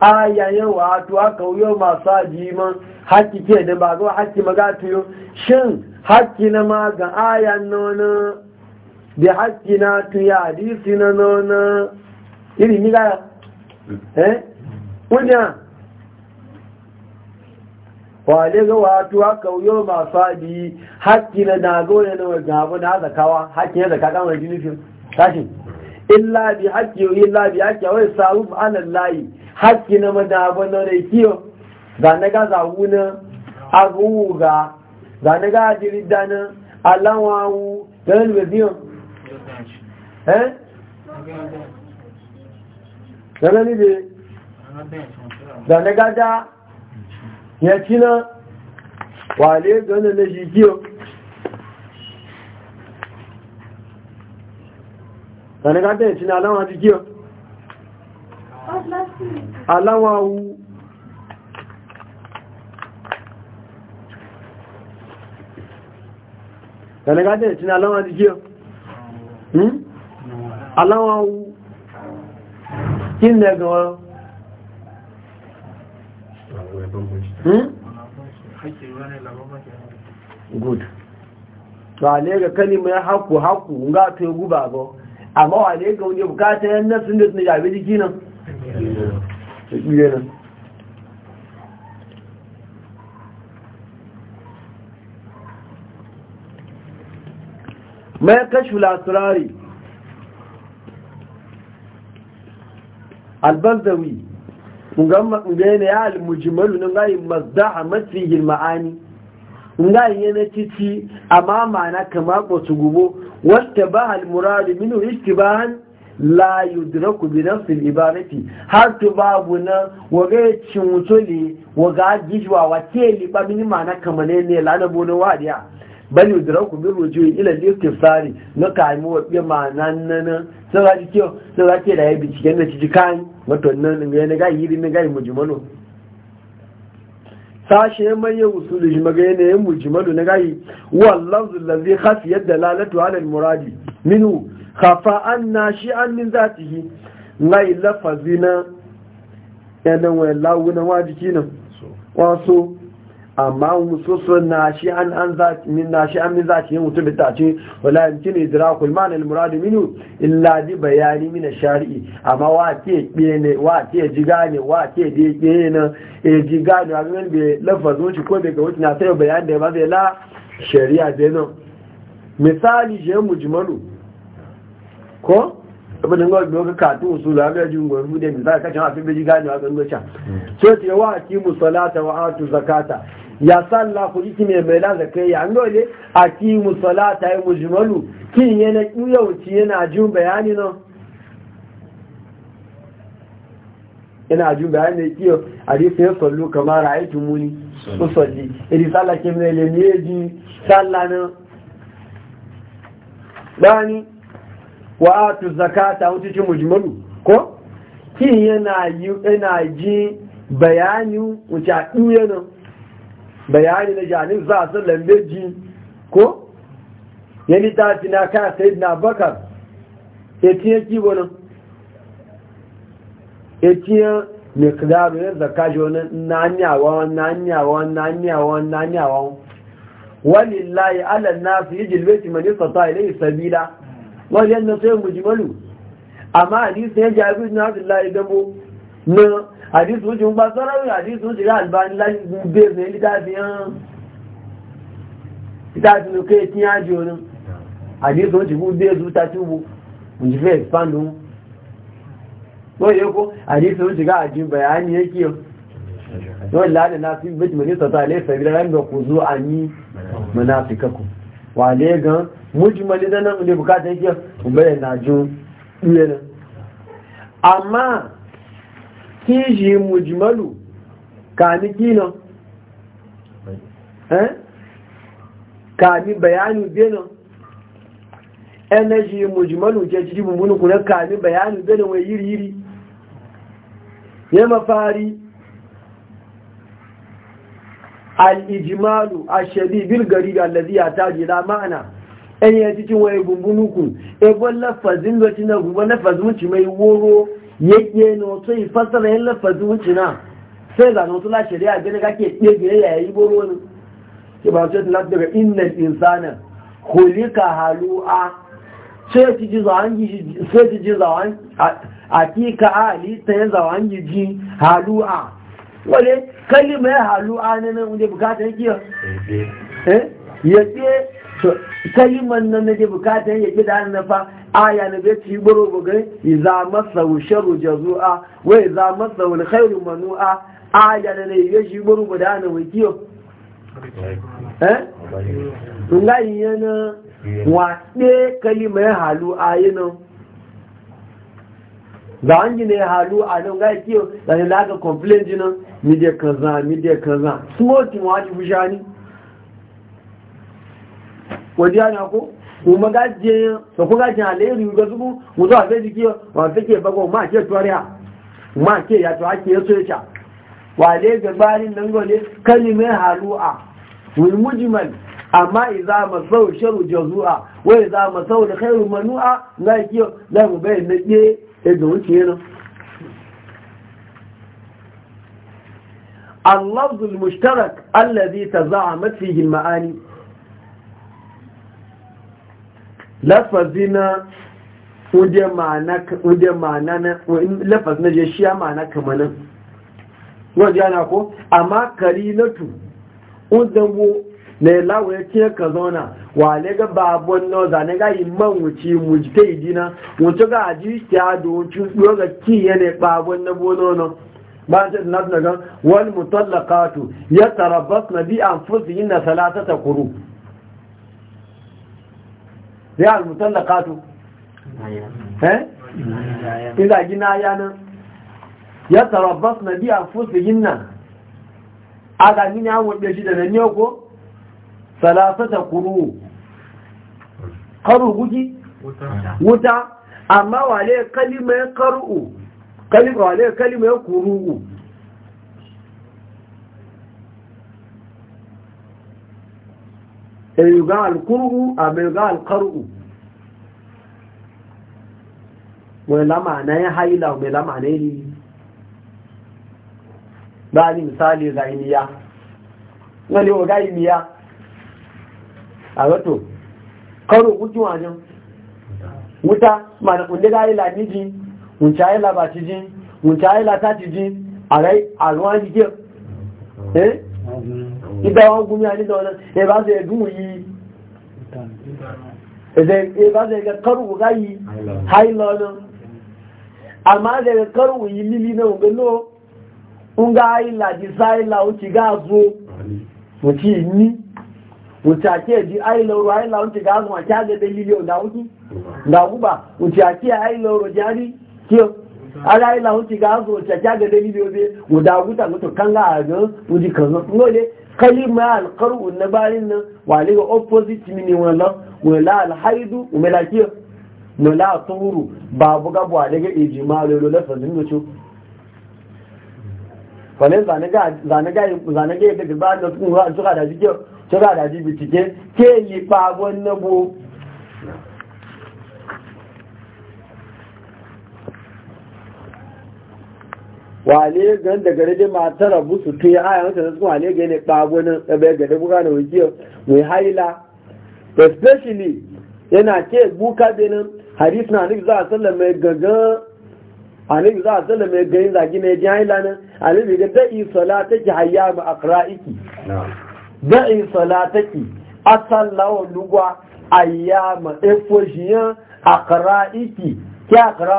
ayayen wa to aka wuyo masu jima haqqi ke da ba zo haqqi maga tuyo shin haqqi na ma ga ayan nono da haƙƙi na tuya hadisi na nona iri ni gara hmm. eh kunya wale ga wato aka yau masu haɗi haƙƙi na dago ne na wajen na zakawa haƙƙi na zaka kama jini fi tashi illa bi haƙƙi yau illa bi haƙƙi wai sabu anan layi haƙƙi na madabu na da kiyo ga na ga zawu na aguwu ga ga na ga jirida alawawu ganin ẹ́ rẹ̀lẹ́ gada, zanagada yẹ tí náà wà lè gọ́nà lè ṣe kí o zanagada yẹ tí náà aláwọ̀ ti alama o aláwọ̀ awu aláwọ̀ wu kí ní ẹgbẹ̀ wọn good to haku haku yi guba ba amma wale ga bukata yan nasu da suna jabe jiki nan su ƙiye nan albazawi ngayene ya almujimalu na ngayi mazdaha matrihi ma'ani ngayi yana titi amma ma'ana kama kwasu gubo wata ba almuradu minu istibahan la yudraku bi nafsi ibarati har to babu na waga cin wutoli waga gijwa wa ke liba mini ma'ana kamane ne lalabo na wadiya bal yudraku bi rujui ila al-istifsari na kayan wa ma nan nan sun ga kyau sun ga da da bi cikin da ciki kan wato nan ne ne ga yiri ne ga mujmalu sashe mai ya da shi na yin mujimano na gayi wallan zullazi hafi yadda lalatu halin muradi Minu hafa an na shi an min zatihi na lafazina yana wai lawuna wajiki nan Wasu. amma musu na shi an an zaki min na shi an min zaki yin mutum da ce wala yumkin idrakul ma'na al murad minhu illa bi bayani min ash-shar'i amma wa ke bene wa ke jigane wa ke de bene ne e jiga ne be lafazo shi ko daga ga wuce na sai bayani da ba zai la shari'a da nan misali je mujmalu ko abin da ga katu usul a ga jin mu da misali kacin a fi bi jiga ne a gangan can hmm. so ce wa ki musalata wa atu zakata ya salla ku jiki mai mai laza kai ya ngole a ki musala ta yi mujmalu kin yana kiyauci yana jin bayani nan Yana jin bayani ne kiyo a dai sai sallu kamar ra'aytu muni usalli idi e salla ke mai le ne ji salla nan bani wa atu zakata wuce ci mujmalu ko kin yana yi yana e ji bayani wuce a duye nan bayani na janin za su lambe ji ko yani ta fi na kaya sayid na bakar etiyan kibonin etiyan mai kudaru ya zaka shi wani na, nanyawa Wani layi walillahi na nasu yi jilbeti mai nisa ta ilai sabila wani yadda sai mujimalu amma hadisi ya jabi na layi gabo na àdísù ó ti ń gba sọ́rọ̀rì àdísù ó ti rí àlùbáni láti bèèrè lítàfihàn lókè tí á jò ní àdísù ó ti kú bèèrè tàtíwò òjìfẹ́ ìpánu lóyè kó àdísù ó ti rí àjíǹbẹ̀ á ní ékí ọ láàrín náà sí méjì mọ̀ ní sọ̀tọ̀ àlẹ́fẹ̀ẹ́ bí amma kiji mujmalu kani kino eh kani bayanu beno energy mujmalu je jiji bumbunu kuna kani bayanu beno we yiri yiri ya fari al-ijmalu ash-shadid bil ga alladhi yataji la ma'na en ya cin waye bumbunu kun e bon lafazin da cin da gubon lafazin ci mai woro yake na wato yi fassara yin lafazin wucina sai zane wato la shari'a gani kake ɗegire ya yi boro ne ke ba su yadda daga inna insana kulika halu'a sai ti ji zawon a kika a halitta ya zawan ji halu'a wale kalima ya halu'a na nan wunde bukatar yake ya ce eh? kaliman nan na ke bukatar yake da nafa. aya na zai ci buru bugai iza masa sharu jazu'a wai iza masa wani khairu manu'a aya na ne ya shi buru guda na wakiyo eh nga yana wa kalima ya halu ayinu Za an na ya halu a nan ga kiyo da ne laga complain jinan media kaza media kaza smoking wajibu shani ya na ko kuma gajiye so kuma gajiye aleri ga zubu mu zo a sai jiki wa take bago ma ke tuwariya ma ke ya to ake so ya ta wa le gabarin nan gole kalimai halu'a wal mujmal amma idza masau sharu jazua wa idza masau da khairu manu'a ga ki da mu bai e na ke e da wuce yana اللفظ المشترك الذي تزعمت فيه المعاني lafazi na wuje ma'ana na lafazi na je shiya ma'ana kamanin wajen ana ko amma kari na tu udangu na ilawo ya ce ka zauna wa ne ga babon za ne ga imman wuci wuce mu yi ta idina wuce ga aji ta da wuce do ga ki yana babon na bono na ba ta na daga wani mutallakatu ya tarabas na bi an fusi yin na salatata kuru sai al da eh ina gina yana yatarabbasna bi anfusihinna aga ni na wobe shi da nan yau ko salasata quru qaru guji wuta amma wale kalima qaru kalima wale kalima quru yuga alkur'u a mai yuga alkar'u mai lama na ya haila mai lama na yi ba ni misali zainiya wani oga imiya a wato karo kuki wajen wuta ma da kundi ga ila miji wunce ila ba ci ji wunce ila ta ci ji a rai a ruwan eh Mm. ìdáwọn gúnmí àníjọ́nà ẹbá ṣe ẹ̀dùn yìí ẹbá ṣe kọrùwù ráyí hailọ́nà àmá ṣe kọrùwù yìí lílí náà gbẹ́lọ́ ń àìlà di sáìlà ó ti gáàzó mo ti ní mo ti àti ẹ̀dí àìlọ́rù àìlà ó ti gáàzó àti àgẹ́gẹ́ lílí ọ̀dáwúkí ndàwúbà ti àti àìlọ́rù járí kí o ara ila wuce ga mutu kan ajo kalima alkaru na bayan nan wale ga opposite mini wala wala alhaidu umela kiyo wala turu babu gabu wale ga ijima lolo lafazin e da su wale zane ga yadda ba na tukun suka da jike suka da jibitike ke yi fagon na bo wale gan da gare da matar abu su ya aya wata su wale ga ne babu nan tsabe ga da buga na wajiyar mai haila especially yana ke buka benin hadis na anabi za a tsalla mai gaga anabi za a tsalla mai gani zagi na yaji haila nan anabi ga da'i salataki hayya ma akra'iki a salataki asallawa lugwa ayyama efoshiyan iki ki kira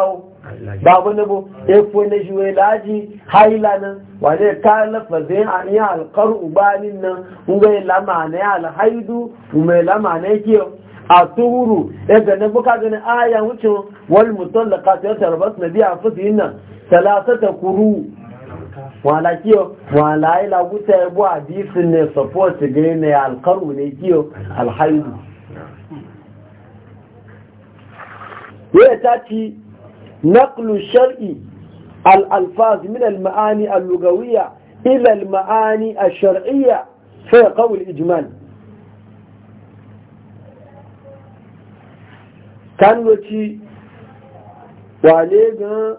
babu wani bu efo na juwe laji haila nan wane ka lafazin an yi alkar ubanin nan ungai lama na ya alhaidu umai lama na yake a tuhuru ya gane buka gani aya wucin wal mutum da yata rabas na biya fusiyin nan ta kuru wala kiyo wala ila guta ya bu hadisin ne support ga ne alkaru ne kiyo alhaidu ya ta ci نقل الشرع الألفاظ من المعاني اللغوية إلى المعاني الشرعية في قول الإجمال كان وتي وعليه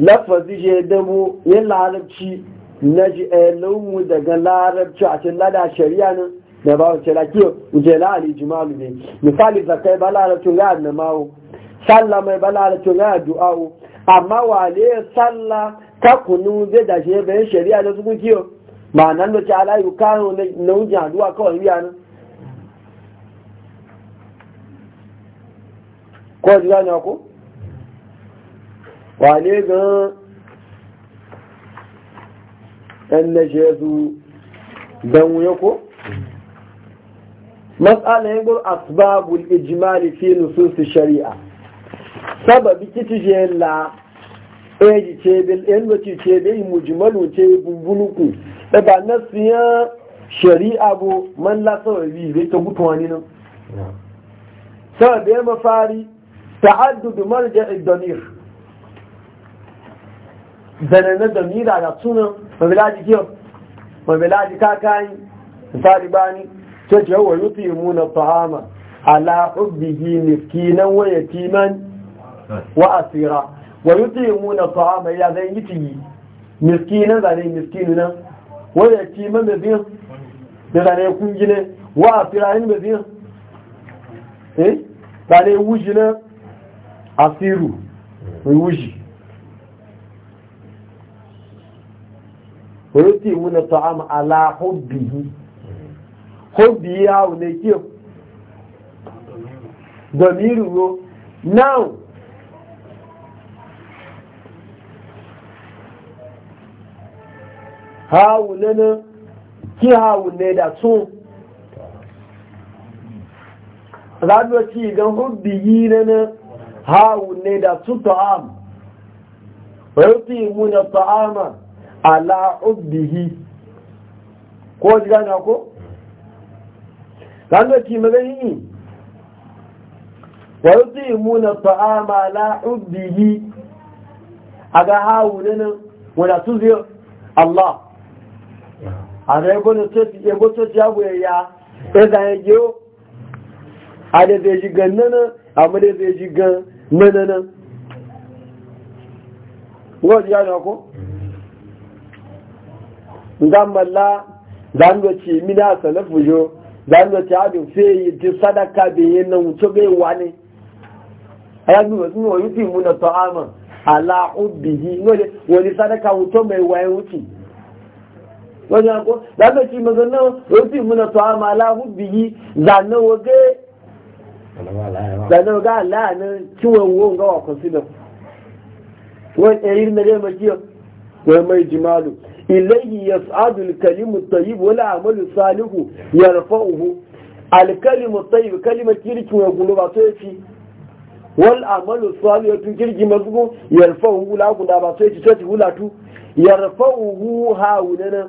lafazi je dabo yin larabci na ji laumu daga larabci a cikin lada shari'a nan da ba wace lakiyo wuce la'ali jimalu ne misali zakai ba larabci ga sallah mai bala da tun du'a du'a'u amma wale sallah ta kunu zai da shi bayan shari'a da su kuciyo ma nan da ci alayu kano na wujen haduwa kawai biya nan ko ji gane ku wale gan ɗan na jesu don wuye ko matsalan yin gur asbabul ijimali fi nusus shari'a sababi kitije la eji cebe endo ci cebe yi mujmalu ce bumbunuku da e ba siya shari'a bo man la sababi zai ta gutu wani nan sababi ya mafari ta'addudu marja'i damir zanana damira da sunan mabilaji kiyo mabilaji kakani misali bani ce ce yawa yuti muna fahama ala hubbihi miskinan wa yatiman wa asira wa yutimuna ta'ama ya zan yi tiyi miskinan zane miskinu nan wa yatima mabin da zane kungine wa asira yin mabin eh zane wuji na asiru wuji wa yutimuna ta'ama ala hubbihi hubbihi ya wune kiyo domin ruwo now hawune na ki hawune da tun ranar ci gan hubbiyi na na hawune da tun ta'am rufi muna ta'ama ala hubbihi ko ji gana ko? ranar ci magani ne wa rufi muna ta'ama ala hubbihi a ga hawune na wadatun zai Allah ààrẹ ẹgbó tó ti àbò ẹ̀yà ẹ̀dà ẹ̀yẹ́ ó adẹ́dẹ̀ẹ́jì gan nánà àmọ́dẹ́dẹ̀ẹ́jì gan mẹ́nánà wọ́n ti yára ọkọ́ ngámbàlá zanúwẹ̀tì mílá sànẹ́fùjọ zanúwẹ̀tì àdùn fèèyí ti sádàkà bèèyàn náà na wọ́n ni sádàkà wọ́n tó mẹ́wàá ẹ̀wọ̀n wajen ko ka ci magana rufi muna tuwa ma lahu biyi zane wage zane wage ala na ciwon won gawa consider wani ɗayin na rema kiyo wani mai jimalu ilayhi ya al-kalimu at wani wal amalu salihu yarfa'uhu al-kalimu at-tayyib kalimar kirki wa guluba to yafi wal amalu salihu ya tun kirki mazugo yarfa'uhu la guda ba to yafi sai hulatu yarfa'uhu nan.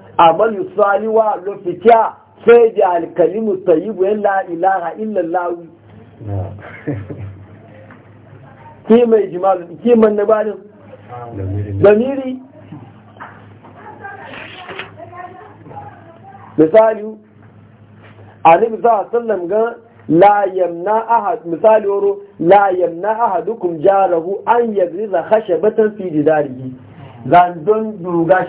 amal yusaliwa lo fitiya sai da alkalimu tayyibu la ilaha allah [LAUGHS] ki mai jimalu ki man na bani damiri misali annabi sallallahu alaihi wasallam ga la yamna ahad misali woro la yamna ahadukum jarahu an yadriza khashabatan fi didarihi zan don duga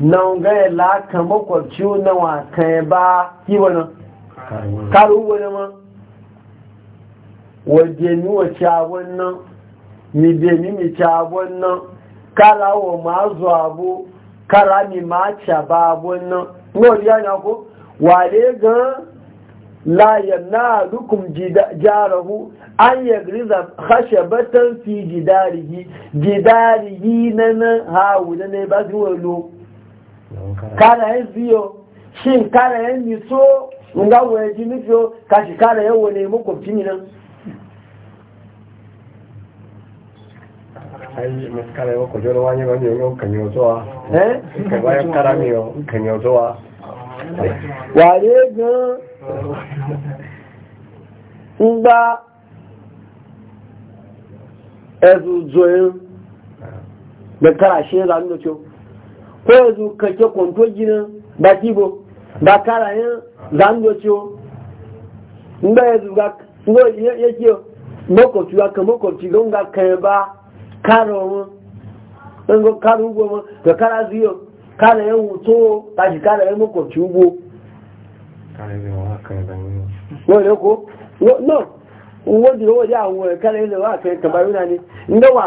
nan gaya laka makwabci na wakan ba ki wani karu wani ma waje ni wace wannan mi demi mi ce wannan kala wa ma zuwa abu kala mi ma ba wannan wani ya na ko wale ga la yana rukun jarahu an yagriza batan fi jidarihi jidarihi na nan ha wuda ne ba su wani kara ya e ziyo shin kara ya e miso nga waya ji miso kashi e eh? kara ya wane makwabci ne nan ayi maskara yau kujero wani ba ne yau kan yau zuwa eh ah. bayan kara ne yau kan yau zuwa ware gan ngba ẹ̀sùn zoyin da kara ṣe lánàá ko yanzu kake kwanto gina ba kibo ba karayen zango ciwo inda yanzu ga yake makwabci ga ka makwabci ga ga kai ba karo mu ga karo ugbo mu ga kara ziyo kara yan wuto kara ugbo ko no wọ́n jùlọ wọ́n jẹ́ àwọn ẹ̀kẹ́rẹ́ ilẹ̀ wà kẹ́ kàbáyé náà ni ń dẹ́wà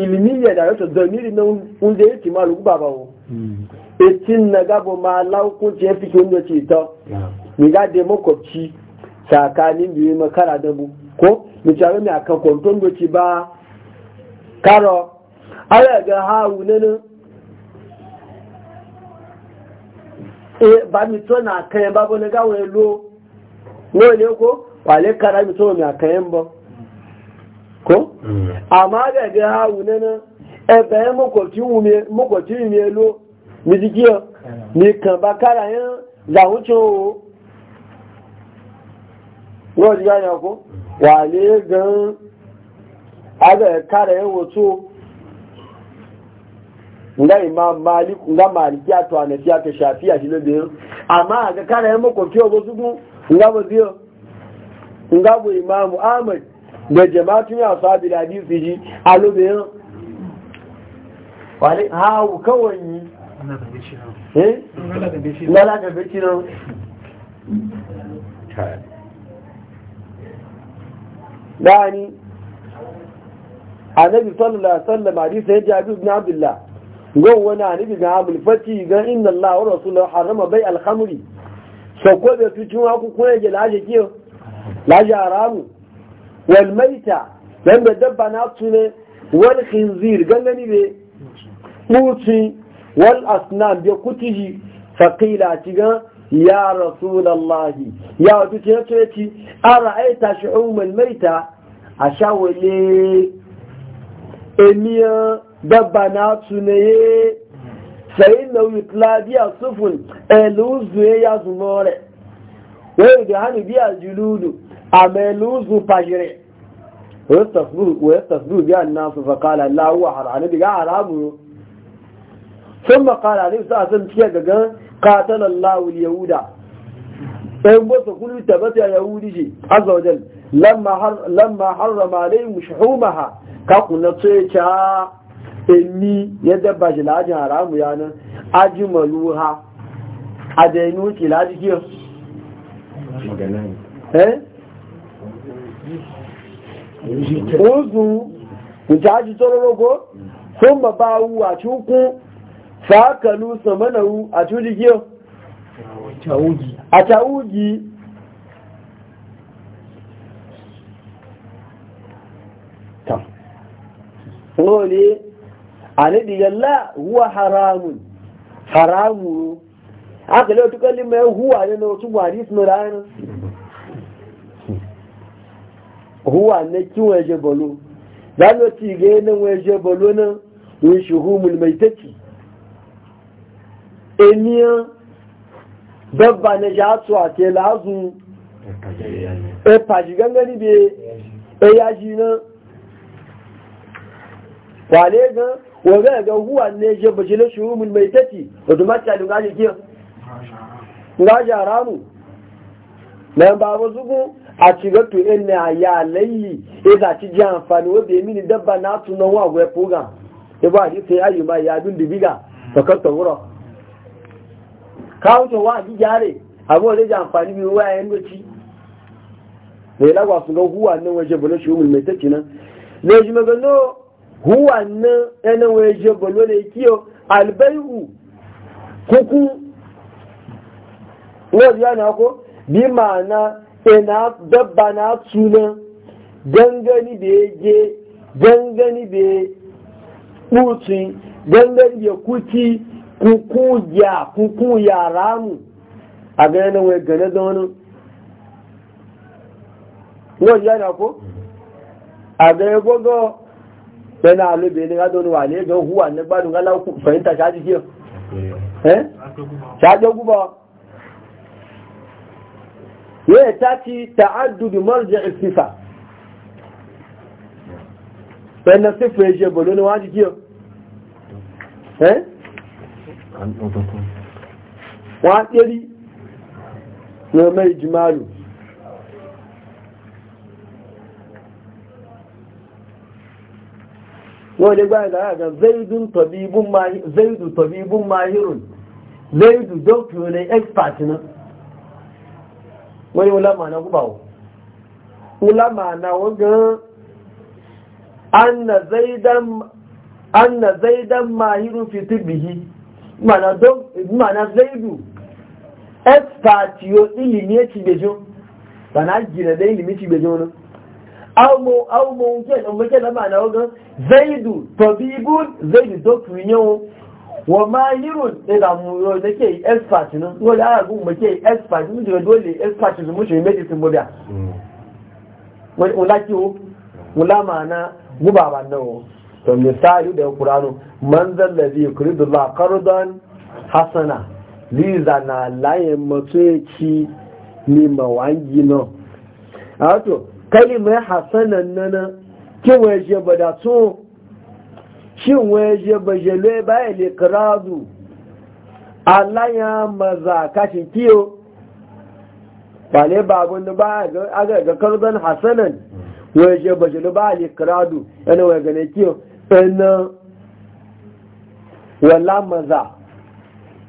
ilimi yẹ̀dà yọ́tọ̀ zọ ní ìrìnà oúnjẹ máa lùkú bàbá wọn itin na gabo ma laukun ce fi kin da ce ta mi ga da makwabci tsakanin biyu makara da bu ko mi tare mi akan kwanton da ce ba karo ala ga ha nan e ba mi to na kan ba bo na ga wani lo no ne ko wale kara mi to mi akan ba ko mm. amma ga ga hawu nan ẹbẹ̀ yẹn mọ́kọ̀tí ìrìn ẹlò ní jíjí ọ ní kànbá kára yẹn làwọn tí ó wò wọ́n ti yára ọkọ́ wà lè gan abẹ́ kára yẹn wò tó nga imam malik nga maliki ato anafi ato shafi ati lobe yo amma ga kana yamma ko kiyo go sugu nga bo biyo nga bo imam ahmad da jama'atu ya sahabi hadisi ji alobe wale hawu kawai yi eh? lalagabe shi nan gani annabi sallallahu alaihi wasallam hadisi ya jabi ibn abdullah gon wani nabi ga abul fati ga inna Allah wa rasuluhu harrama bai alhamuri khamri sako da tutun haku kuna ya laje kiyo laje haramu wal maita dan dabba na tune wal khinzir gangani bai kuci wal asnam bi kutiji faqila tiga ya rasulullahi ya wato ce ce ci ara'aita shu'umul maita ashawale emiya dabba na tunaye sai da yutla biya sufun eluzu ya zumore wai da hannu biya juludu a mai luzu fashire wai tasbihu biya nasu faƙala Allah wa har'ani biga haramu sun makara ne su a sun ciye gan katalar lawul yahuda ɗayan wata kulu tabbata ya yahudi ji azza wajen lamma harrama ne mushahumaha kaku na tsaye ca emi yadda ba shi laji haramu yanar ajimalu ha a da yi nuki laji kiyo ozu eh? wuce aji tsororo ko sun ba ba wuwa cikin fàákàlú sọmọ́nàwó àtúrí gíọ́ àtàwógí wọ́n ni àníbìyànlá wúwa haramun haramu akẹ̀lẹ́ òtúkọ́ límẹ̀ húwà nínú túnbọ̀ àdísìn ránà húwà ní kí wọ́n ẹjẹ́ bọ̀lú dánú ti gẹ́ ní wọ́n ẹjẹ́ bọ̀lú náà wọ́n ṣe hú emiyan dabba na ja tuwa ke lazu e faji gangani be e yaji na wale ga wanda ga huwa ne je baje na shurumun mai tati wato mata da gaje kiyan gaje haramu na ba ba zugu a ciga to in ne a ya layi e za ci ji amfani wa mini dabba na tunan wa gwe program e ba ji sai ayyuma ya bin dibiga fakar ta wura káwùtò wà jíjá rẹ̀ àbọ̀ lè jẹ́ amfani bí wá ẹ̀ ń lòtí lè lágbà fún gan húwà náà wọ́n ṣe bọ̀ lóṣù omi mẹ́tẹ̀kì náà lè jù mẹ́gbẹ̀ náà húwà náà ẹni wọ́n ṣe bọ̀ lórí kí na albẹ́rù kúkú wọ́n ti yára kó bí gangani da ya je gangani da ya gangani da kuki kukun ya kukun yara mu a gane wai gane da wani wọ́n yá na kó àgbẹ̀ gbogbo pẹ̀lú àlóbẹ̀ ní adọ́nù wà ní ẹgbẹ̀ húwà ní gbádùn aláwọ̀kù fẹ̀yìntà ṣáájú kí ọ ṣáájú gúbọ̀ yẹ́ ta ti tààdùdù mọ́rùn-ún ìfìfà pẹ̀lú sífẹ̀ ẹ̀ṣẹ̀ bọ̀lónú wájú kí ọ wọ́n á ní ọmọ ìjìmáàlù wọ́n lè ga zaidun tọ̀bíbún mahirun zaidu dọ́kùnrin expert náà wọ́n yí wọ́n lámà na gúbàwọ́ wọ́n lámà náà wọ́n gan-an na zaidan mahirun fi tibbihi mana zaidu expert yo ilimi ya ci bejo ba na gina da ilimi ci bejo ne aumo aumo nke da muke da mana wagan zaidu tabibun zaidu doctor yawo wa ma yirun e da mu yo da ke expert ne dole a gun mu ke expert mu da dole expert mu shi medicine mu da wani mm. ulaki wo ulama na guba ba nawo to misali da Qur'anu man zallazi yuridu Allah qardan hasana liza na laye matsoyeci ni mawangi no ato kalimar hasanan nana kin waye je bada so shin waye je bajele baya le kiradu Allah ya maza kashin kiyo ba ne ba abin da ba a ga karzan hasanan waje bajulu ba a likiradu yana wai gane kiyo ɗana wala maza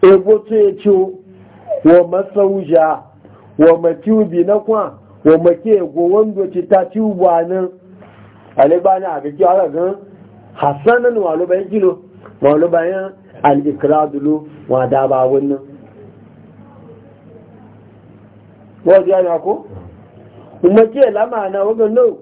ebo to wa masauja wa matiubi na wa make go wando ce ta ci wani alibani a gaki ala gan hasanan walo bayan kilo walo bayan al-ikradulu wa da ba wannan wajen yana ko? kuma ce lama na wajen nau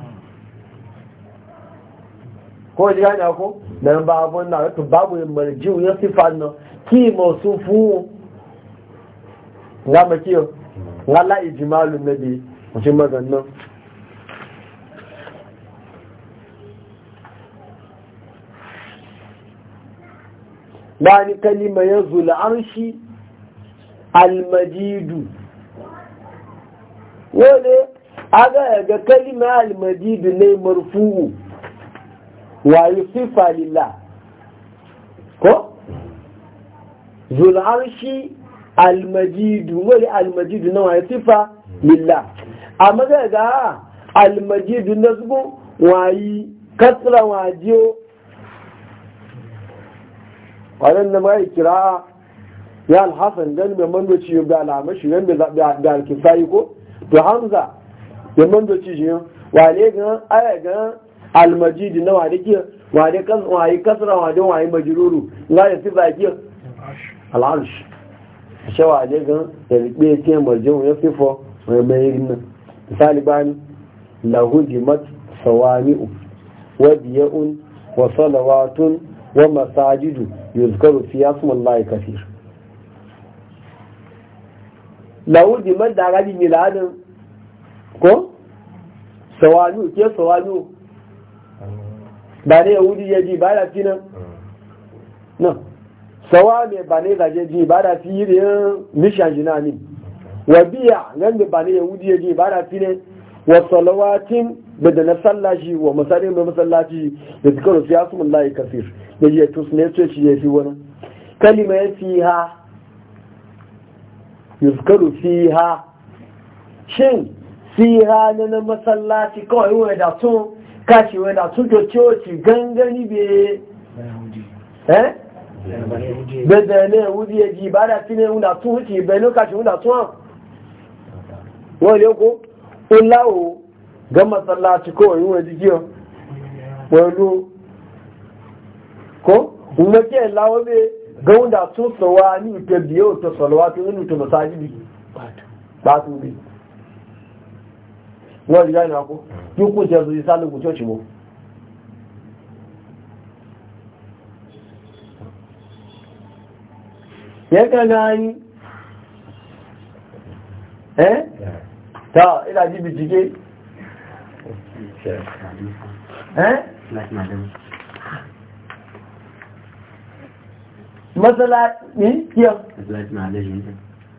ko ji gane ko nan ba abu na to babu marjiu ya sifa no ki mausufu ngama kiyo ngala ijmalu nabi mutum magannan ni kalima ya zula arshi almajidu Wole aga ga kalima almajidu ne marfu'u wayi sifa lillah ko zul arshi almajidu wali almajidu na wayi sifa lillah amma ga ga almajidu na zubo wayi kasra jiyo? wannan na mai kira ya alhassan gani mai mandoci yau ga alamashi yan da alkisayi ko to hamza mai mandoci shi wa wale gan aya gan almajidi na wade ke wade kas wayi kasra wade wayi majruru ga da sifa ke al'arsh shi wade gan ya ribe ke majum ya sifo wa bayin nan misali lahu jimat sawami'u wa biya'un wa salawatun wa masajidu yuzkaru fi smullahi kathir lahu jimat da gadi miladin ko sawami'u ke sawami'u ba ne yahudi ya ji ibada fi nan hmm. nan sawa ne ba ne je ji da fi yi yin mishan jina ne wa biya nan da ba ne yahudi ya ji ba da fi ne wa salawatin da da na sallashi wa masarin da masallaci da suka rufu ya sumun layi kafir da ji ya ne ce shi ya fi wani kalima ya fi ha Suka fi ha shin fi ha na na masallaci kawai wani da tun kashi wani da sun coci gangani be eh bẹ́ẹ̀ ní ẹ̀wúdí ẹjì ìbára tí ní ẹ̀húnà tún ti ìbẹ̀ ní kàṣí ẹ̀húnà tún hàn wọ́n lè kó ó láwò gọ́mọ̀sánlá ti kó ìwọ̀n ẹ̀dìjí ọ pẹ̀lú kó mẹ́kí láwọ́ bẹ́ gọ́mọ̀dà tún sọ wá ní ìtẹ̀bí wọ́n rí láìra kó tí ó kó jẹ́ ọdún ìsá lókùn yẹ́ ẹ́ jíké ẹ́ ní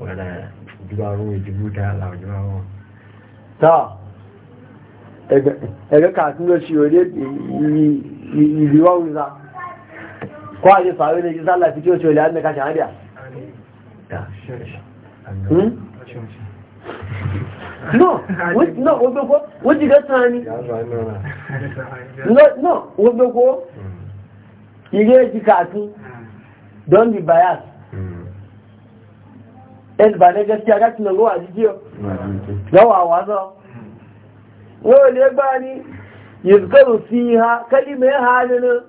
wala dubaru dubu da alawajima wọn ta ẹgbẹ́ kàtún ló ṣe orí ìlúwà òrìsà kọ́ àti fàáwé lè jísà láti tí ó ṣe olè àmẹ́ka ṣàádìá no no wogbogbo ni no hmm. hmm. don be biased es ba na gaskiya ga tunan gowa jikiyo gawa wazo wani ne ba ni yizkaru fi ha kalima ya halin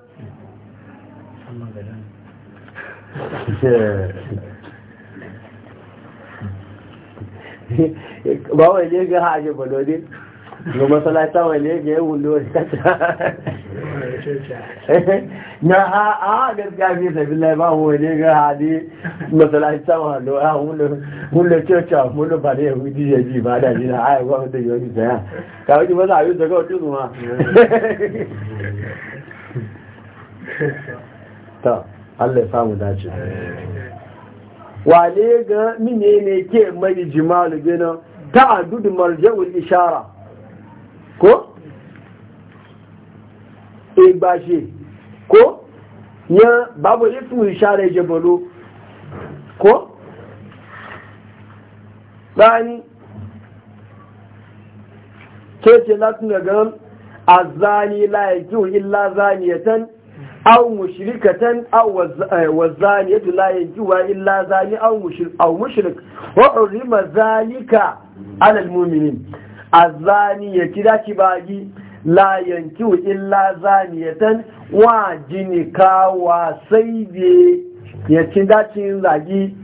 ba wani ne ga hajji balodin ga masalata wani ne ga yawon lori kasa [LAUGHS] na a a gaskiya fi sabi lai ba mu wani ga hali masalaci a ba da yahudi ba da na da ta ya ka wuce masu da ma [LAUGHS] ta allah dace ga mine ne ke mai jima'a gina ta gudu marja'ul ishara ko igbashe ko ya babu ifin ishara jabalo ko bani kece latin daga azani la yajiu illa zaniyatan aw mushrikatan aw wazaniyatu eh, la yajiu illa zani aw mushrik aw mushrik wa hurima zalika ala almu'minin azani yakida kibagi la yanki illa zaniyatan wa jinika wa sai biye ya ci dacin zagi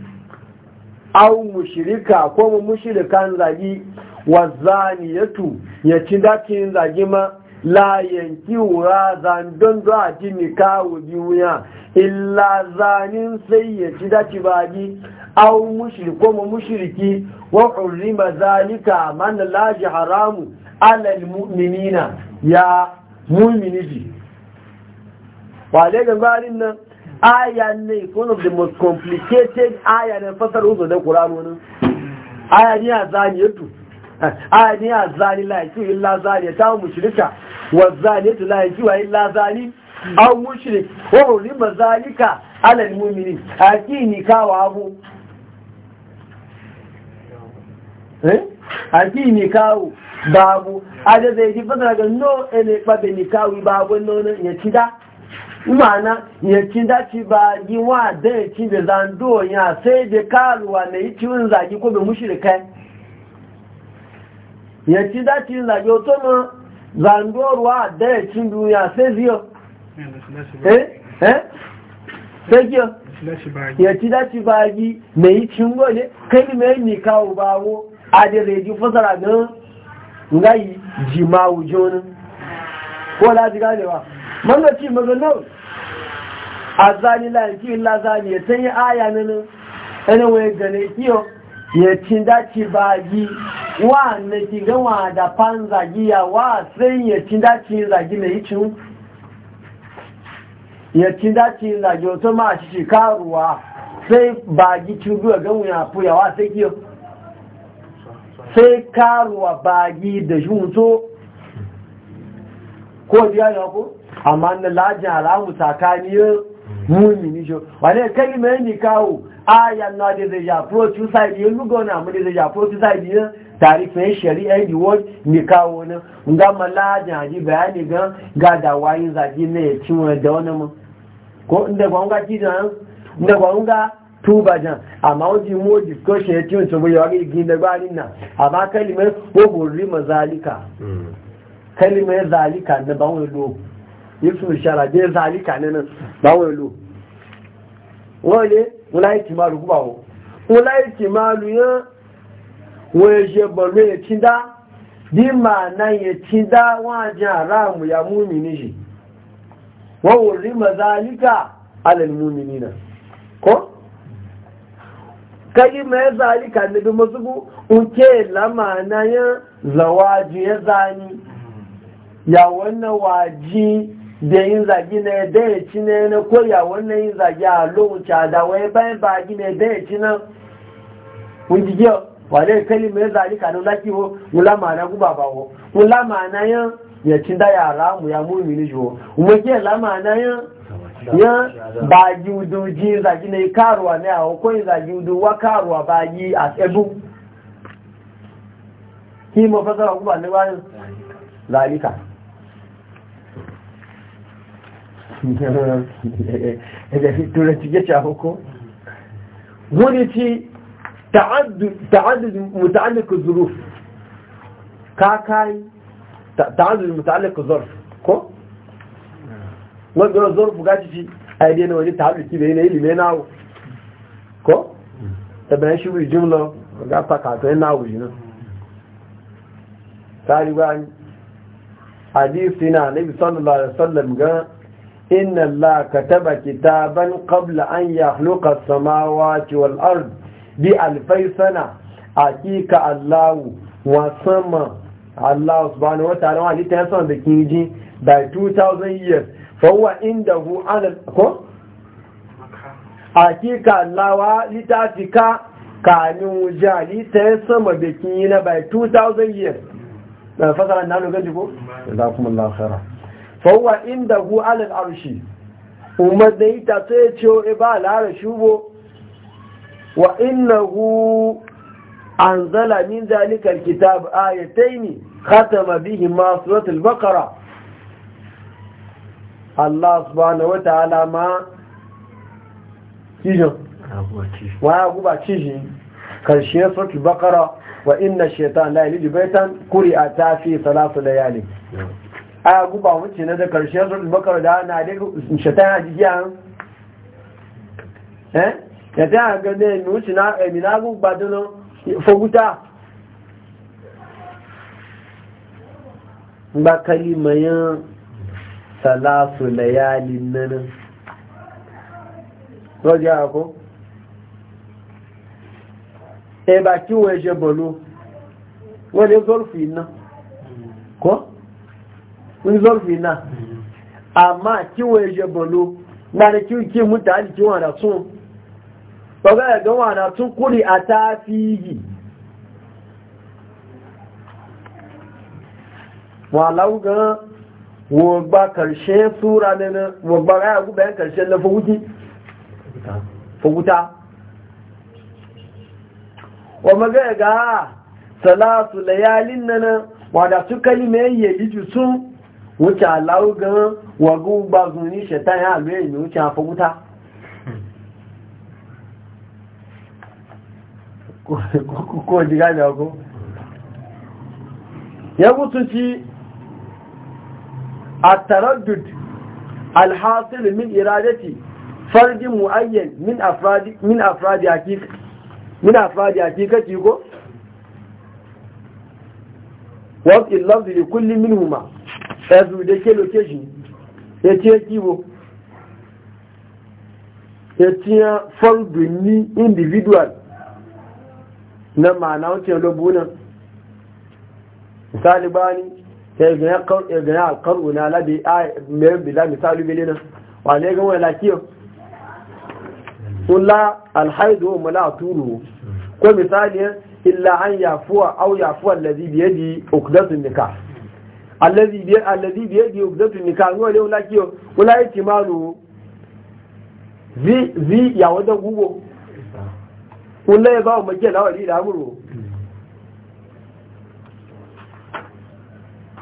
au mushirika ko mu mushirikan zagi wa zaniyatu ya ci dacin zagi ma la yanki wa zandon don a jinika wa juya illa zanin sai ya ci daci bagi au mushrik ko mu mushriki wa hurrima zalika man la haramu ala almu'minina ya mumini ji wale gangarin nan aya ne one of the most complicated aya na fasar uzo da ƙuranu nan aya ne a zani yato aya ne a zani laifi illa zani ta mushirika wa zani yato laifi wa illa zani an ko wa ma zalika alal mumini a kini kawo abu eh a kini kawo babu aje zai ji fasa no ene babe ni kawi babu ya cida mana ya cida ci ba wa da ya ci da zando ya sai da na yi ciwon zagi ko bai mushi da ya cida ci zagi oto ma zando ruwa da ya ci duniya sai ziyo eh eh sai ya cida ci na kai mai zai ji ngai jima'u jona ko la ji ganewa man ga ci maganar azani la yanki illa zani ya tanyi aya nan ana waye gane iyo ya tinda ci baji. wa ne ki ga wa da pan zagi ya wa sai ya tinda ci zagi ne yi ya tinda ci zagi to ma shi karuwa sai bagi ci ga wa ya fu ya wa sai kiyo sai karuwa bagi da junto ko biya ya ko amma na lajin haramu tsakaniyar mumini jo wane kai mai ni kawo A aya na da zai ya pro two side yin lugo na mu da zai ya pro two side yin tarifin shari'a di word ni kawo na nga malajin haji bayani ga ga da wayin zaki ne ya ci da wani mu ko inda gwangaci da inda gwangaci tuba jan amma wajen mo discussion hmm. ya tiyon tsobo ya wani gina gbanin nan amma kalimar ogori ma zalika kalimar zalika na bawon lo yusuf shara dai zalika na nan bawon lo wale wula yi kimaru guba wo wula yi kimaru ya wọ́n ṣe bọ̀lú ya ci dá bí ma na ya ci dá wọ́n jẹ́ aráàmù ya múmi níṣì wọ́n wò rí ma zalika alal múmi nínà ko kalima ya zalika nabi mazugu unke lamana ya zawaji ya zani ya wannan waji da yin zagi na ya daya ci na yana ko ya wannan yin zagi a lokaci da wai bayan bagi na ya daya ci na kun ji yau wale kalima ya zalika na laki wo ulamana guba ba wo ulamana ya ya ci da yara mu ya mu mini jo umake lamana ya Ya ba yi wudu ji zagi na karuwa ne a hukun zagi wudu wa karuwa ba yi a tsebu ki mafasara kuma ne bayan zalika ẹgbẹ̀ fi tó rẹ̀ ti gẹ́ ṣàkókò wọ́n ni ti muta'alliq ka [LAUGHS] kakai ta'addud ko wọ́n gbọ́nà zọ́rọ̀ fún gájíjì àìdí ẹni wọ́n ní tààrí kí lẹ́yìn ilẹ̀ ilẹ̀ náà kọ́ ẹ̀bẹ̀rẹ̀ ṣúrù ìjùm lọ ọ̀gá pàkàtọ̀ ẹ̀ náà wùyí náà sáàrí wá ní àdífì náà sallallahu sọ́lọ̀lọ́ sọ́lọ̀m gan inna la kataba kitaban qabla an yakhluqa as-samawati wal ard bi alfai sana akika allahu wa sama allah subhanahu wa ta'ala wa litan sama da kinji by 2000 years fawwa inda hu ana ko hakika lawa litafika kanin wujali ta sama biki na by 2000 years na fasara na nugan jiko? da kuma Allah khaira fawwa inda hu alal arshi umar da yi ta sai ciwo iba lara shubo wa innahu anzala min zalikar kitab ayataini khatama bihi ma suratul baqara Allah subhanahu ta'ala ma kijin wa guba kijin karshe suratul baqara wa inna shaytan la yalidu baitan quri'a ta fi salatu layali aya guba wuce na da karshe suratul baqara da na da shaytan ajiya eh ya ta ga ne wuce na eh, mi na guba duno foguta ba kalimayan salasu layalin nan rọ́jẹ́ àkó ẹbà kí wọ́n ẹjẹ́ bọ̀lú wọ́n ní wogba karshe sura ne na wogba ya guba yan karshe na fahuti fahuta wa magaya ga salatu layalin na na wadda yi mai yayi wuce alawu gan ba zuni shetan ya alu yayi wuce a fahuta ko jiga ne ya mutunci التردد الحاصل من إرادة فرد معين من أفراد من أفراد حقيقة من أفراد يقول وضع اللفظ لكل منهما فازو دكي لوكيشن يتيه كيبو يتيه فرد ني individual na ma'ana wancan lobunan misali sai ga ya alkaru na labi a mayan bila misali bele nan wane ga wani lafiya kula alhaidu wa a turu ko misali illa an yafuwa au yafuwa allazi biyadi ukdatun nikah allazi biyar allazi biyar da yugdatu nika ruwa lewu lakiyo kula ya ce malu zi zi ya wajen gugu kula ya ba wa mace lawari da amuru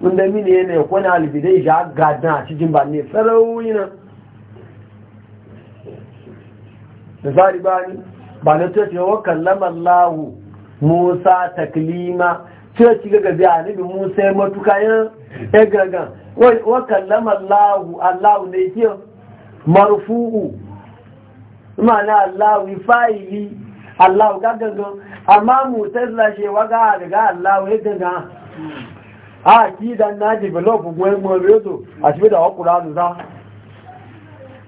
wanda mini yana kwana albidai ja gadan a cikin ba ne sarauyi na da ba n'i ba na cewa wa kallama lahu Musa taklima cewa ci ga biya nabi Musa ya matuka ya gaga wa kallama lahu Allah ne ke marfu'u ma'ana Allah fa'ili Allah gagagan amma Musa zai lashe wa ga ga Allah ya gaga a ki kí ìdáná develop wọn mọ̀ rédò da pé za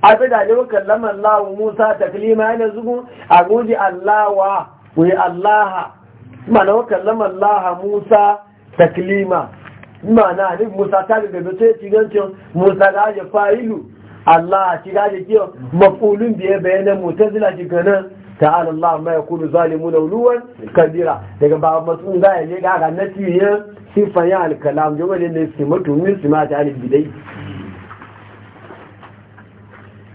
a nìta da yau kallama Allah Musa taklima yana zugu a goji Allah wa wai Allah mana wa kallama Allah Musa taklima na duk Musa ta ga gaba sai ci gancin Musa da ya fa'ilu Allah ci ga da kiyo mafulun biye bayanan mutazila ci ganan ta'ala Allah ma yakunu zalimun uluwan kabira daga ba masu ga ya ne ga ga natiyan sifan ya al-kalam jo wale ne simatu min simati al-bidai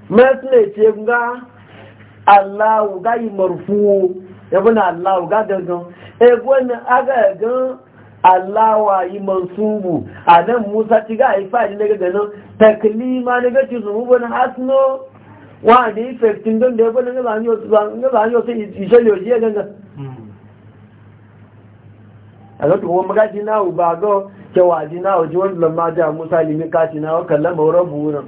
masne ce ga Allah ga yi marfu ya bana Allah ga dangan e aga Allah wa yi mansubu nan Musa ti ga ifa ne ga ganin taklima ne ga ci zubu bana wọ́n ní fẹ̀tí tó ń dẹ̀ pé nígbà ní ọ̀sẹ̀ ìṣẹ́lẹ̀ òjí ẹ̀ gangan àlọ́tù wọn maka ti náà ò bá gọ́ kẹwà àti náà òjí wọ́n lọ máa já musa limi káàtì náà ọkà lẹ́mọ̀ rọ́bù náà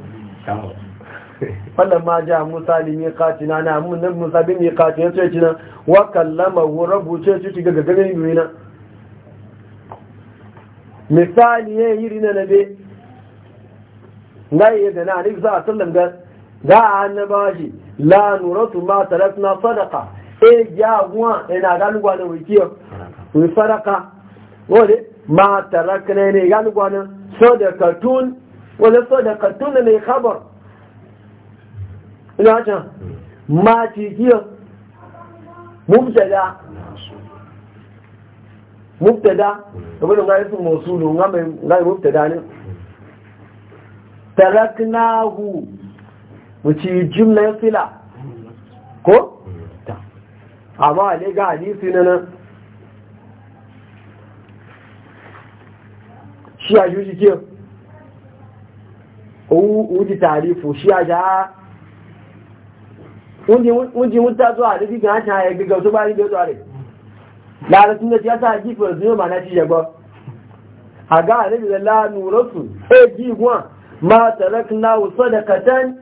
فلما جاء موسى لميقاتنا انا من موسى بميقاتنا تيجينا وكلمه ربه تيجي تيجي غغغن دوينا مثال يرينا نبي لا يدنا عليه الصلاه والسلام za a annaba shi la nuratu ma sadaqa e jagwa ina e, galugwa da wikiyo sadaqa ma tarakna ne na sadaqatun wala sadaqatun ne khabar ina ta hmm. ma mubtada mubtada hmm. mosulu mubtada ne hmm. taraknahu wuce jimlar fila ko? amma ne ga hadisi na nan shi a juji ke wuji tarifu shi a ja wuji wuta zuwa da fi gan ta ya gaga su bari da zuwa ne lalatun da ya ta gifar zuwa ma na ci yagba a ga a rabi da la nurasu e giguwa ma na da sadakatan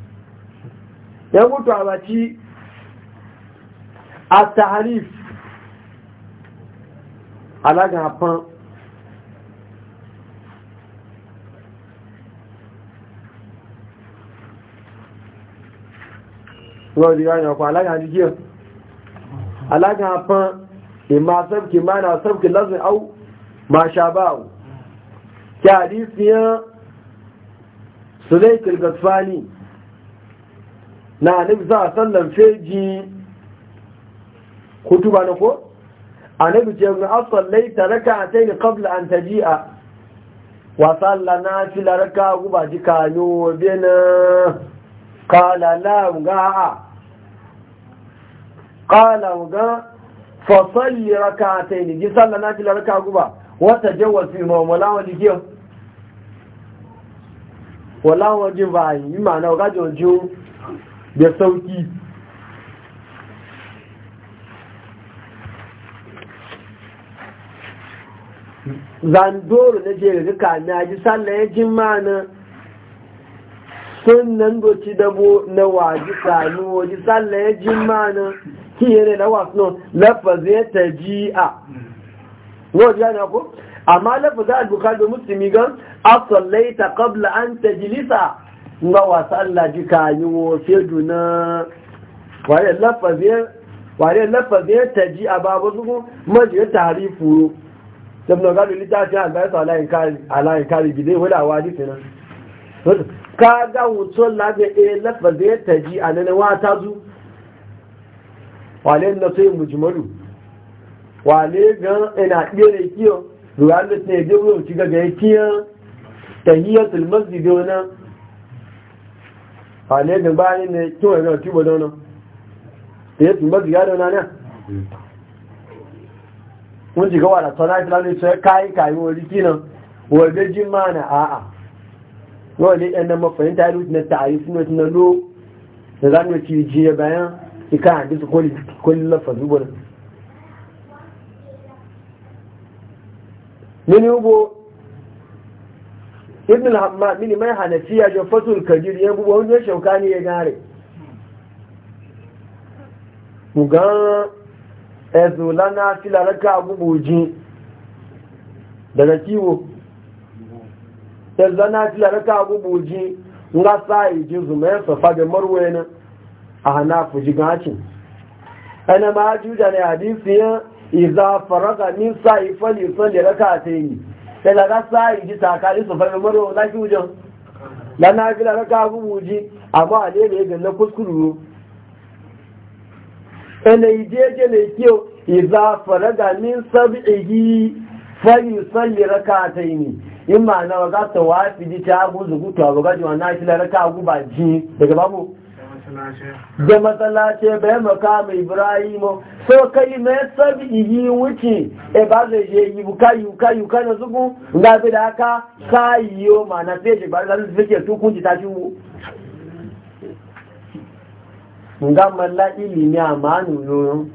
ya mutu a baki a taharif alagafan wọ́n rí ráyàn ọkọ̀ alágàjíjẹ́ alágàfan ìmá sọ́bkì máa na sọ́bkì lọ́sìn áwù máa ṣàbáwù kí a rí àdísíyàn sọ́lẹ́ ìkìlgàsfáàní na anabi za a sallan feji kutuba na ko anabi ce ga asallai ta raka a ni kabla an ta ji a wasalla na fi laraka guba ji kanyo bena kala la ga a kala ga fasalli raka a ni ji salla na fi laraka guba wata jawas fi mamala wa kiyo wala wajen ba yi ma na gajojin da sauki zandoro na jere duka na ji sallah ya jin mana sun nan doci dabo na waji sanu waji sallah ya jin mana ki yare na wasu nan lafazin ta ji a wajen na ku? amma lafazin al-bukhari da musulmi gan a ta qabla an tajlisa nga wasa Allah ji ka yi wo fedu na ware lafazin ta ji a babu zuku majiyar tari furo sabna gado littafi a gaisa alayin kari gidai wadda wadi fi nan ka ga wucin lafi a e lafazin ta ji a nan wata zu wale na sai mujmalu wale gan ina ɗere kiyo ruwa da ne biyu ci gaga ya ta kiyan tahiyatul masjidona ale da bani ne to yana tuba da wannan ya tuba da yaro na ne mun ji gawa da tsana filani sai kai kai wani kinan wanda jin mana a'a wani ɗan nan mafayin ta na za mu jiya bayan ikan hadisi ibn al-hammad mini mai hanafiya ya fatul kadir ya bubo wani shauka ne ya gare mugan lana filaraka abubuji daga kiwo lana filaraka abubuji nga sai ji zuma ya safa da marwe na a hanafu ji gacin ana ma juja ne hadisi ya iza faraga min sai fali salli raka ta yi sai daga yi ji takari su fara maro fi wujen na na fi da raka abu wuji amma a ne mai ganna kuskuru ina yi jeje mai kyau iza fara da min sab'ihi fari salli raka ta yi in ma na waga ta wafi ji ta abu zugutu abu gajiwa na fi da raka abu ba ji daga babu da matsalace bai makamu ibrahimu so kai mai sabi yi wuce e ba zai je yi buka yi buka yi buka na zuku ga bi da haka, ka yi yo ma na fiye shi bari zai suke su kunci ta ciwo nga malla ilimi a manu yoyon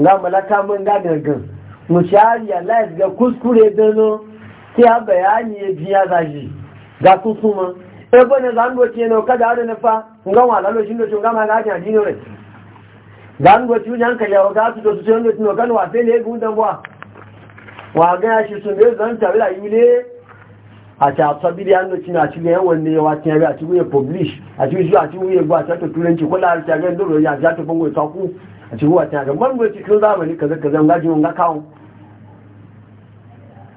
nga malla kamun ga gangan mushari a life ga kuskure dano ki a bayani ya biya zaji ga kusuma ebe ne za ngoci ne kada ada na fa nga wa lalo shi ngoci nga ma ga ta dino ne za ngoci yan ka yawa ga su to su ngoci no kan wa sai le gu dan wa wa ga shi sun ne zan ta bila yule a ta sabi da ngoci na a ci shi a ci ya gwa ta to a zamani kaza kaza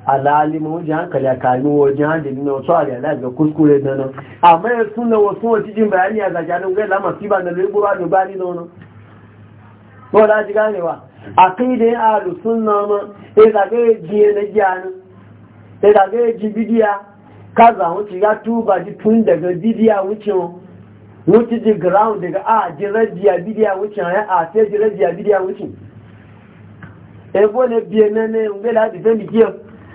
alalimu wajen hankali a kami wajen hankali na wasu aliyar ga kuskure na nan amma ya suna wasu wasu jin bayani a zajanin gai lama fi ba na lagura ne ba na nono ko da ji ganewa a kai da yin alu suna ma ya zagaye jiye na gyanin ya zagaye ji bidiya ka za wuce ya tuba ji tun daga bidiya wuce wuce ji ground daga a ji rajiya bidiya wuce a sai ji rajiya bidiya wuce ebo ne biye na ne ngela defend kiyar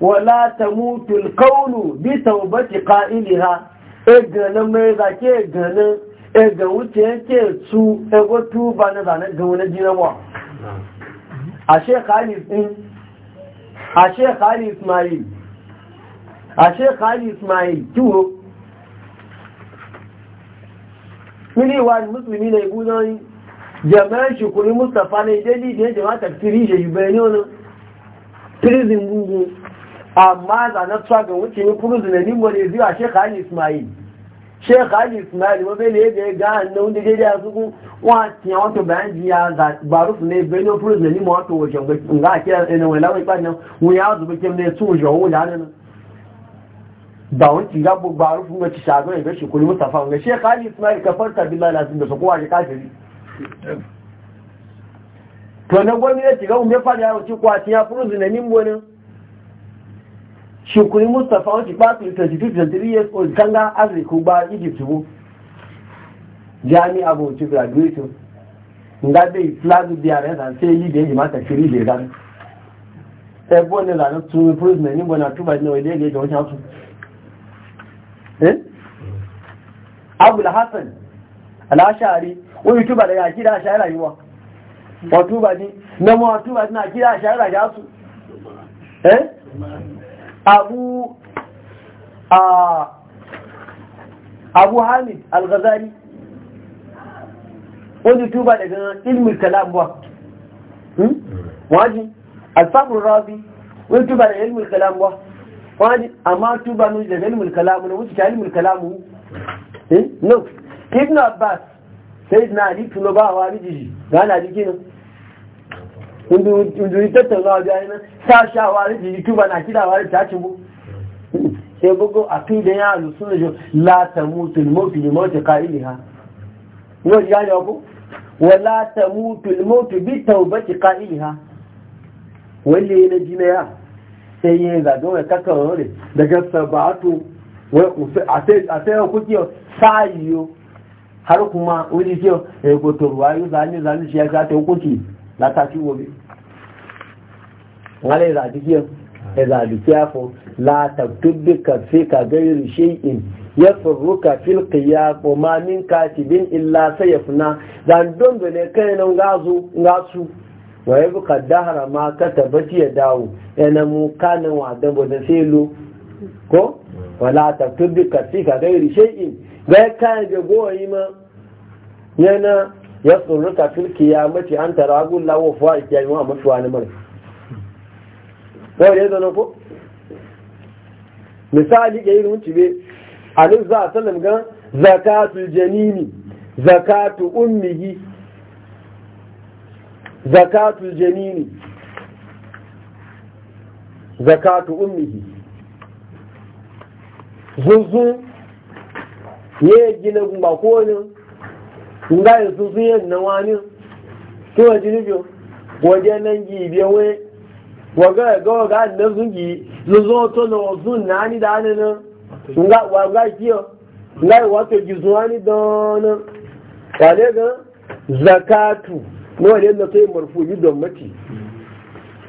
wala ta mutu kaunu bi taubati qa'iliha e gana mai zake gana e ga wuce yake su e go tuba na zane ga wani jinawa a sheikh ali din a sheikh ali ismail a sheikh ali ismail tuwo mini wa musulmi ne gudan jama'an shi kuri mustafa ne dalilin jama'a tafsiri da yubayani wani prison gugu amma zanen tsuwa ga wuce yi kuru zunani wani zuwa shek hali ismail shek hali ismail wabe ne da ya ga hannun wanda daidai a suku wata yawon to bayan ya ba su ne bai ne kuru zunani ma wato wajen ga a kira ɗaya wani lawai ɓan nan ya zuba kim ne su wajen wani da hannun ba ci ga ba rufu ga ci shagon ya gashi kuri mustafa ga shek hali ismail ka farta na lasin da su kowa ya kafiri to na gwamnati ga umar fada fara yawon kwaci ya furu zunani wani ṣùkùnrí mustapha wọ́n ti pàtó 22-23 years old kanga africa gba egypt mú jami abu ti graduate nga dé ìflag bí ààrẹ náà ṣe yí dé ìmá tẹ̀sírí ìdè ẹgbọ́n ní ìlànà tún improvement níbo náà túbà ní ọ̀dẹ́ ìgbẹ́ ìjọ ṣáàtú abu alhassan aláṣàárí wọ́n yí túbà lẹ́yìn àkídà àṣàárà yìí wọ́n wọ́n ní mẹ́mọ́ túbà ní àkídà àṣàárà eh? abu a abu hamid al-ghazali wani tuba daga ilmul kalam ba hmm? waji al-fakhru razi wani tuba daga ilmul kalam ba waji amma tuba ne daga ilmul kalam ne wuce ta ilmul kalam eh no ibn abbas sai na ali tuno ba wa rijiji ga na jikina wujuri tattaunawa biya yana sa shawari da youtube na kidawa da ta cibu sai gugu a fi da ya alu suna jo la ta mutu ilmofi ilmofi ka'ili ha yau ya yi ku wa la ta mutu ilmofi bi taubati ka'ili ha wani ya na jina ya sai yi zagon ya kakawa ne daga sabatu a sai ya kuki yau, har kuma wani kiyo ya e gotorwa yi zane zane shi ya ta hukunci látàtí wo bí wọ́n lè rà dídí ẹ̀ ẹ̀rọ àdùkíáfọ́ látàtúgbé kàfé kàgẹ́rì ṣe ìn ya furruka fil qiyaq wa ma min katibin illa sayfna dan don da ne kai nan gazu gasu wa yabqa dahra ma katabati ya dawo yana mu kana wa da bodan selo ko wala taktubi ka fi ka gairi shay'in ga kai ga goyi ma yana ya tsurruka fil kiyamati an tara gulla wa fa kiyami wa mutuwa ne mara ko ya da ko misali ga irin tibe alin za sallam ga zakatul janini zakatu ummihi zakatul janini zakatu ummihi zuzu ye gina gumba nga yanzu sun yi na wani tun a jini biyu waje nan gi biyawe waga ga waga na sun gi zuzo to na wazu na ni da hannu na nga waga kiyo nga yi wato gi zuwa ni da na ga zakatu na wale na sai marfu yi don mati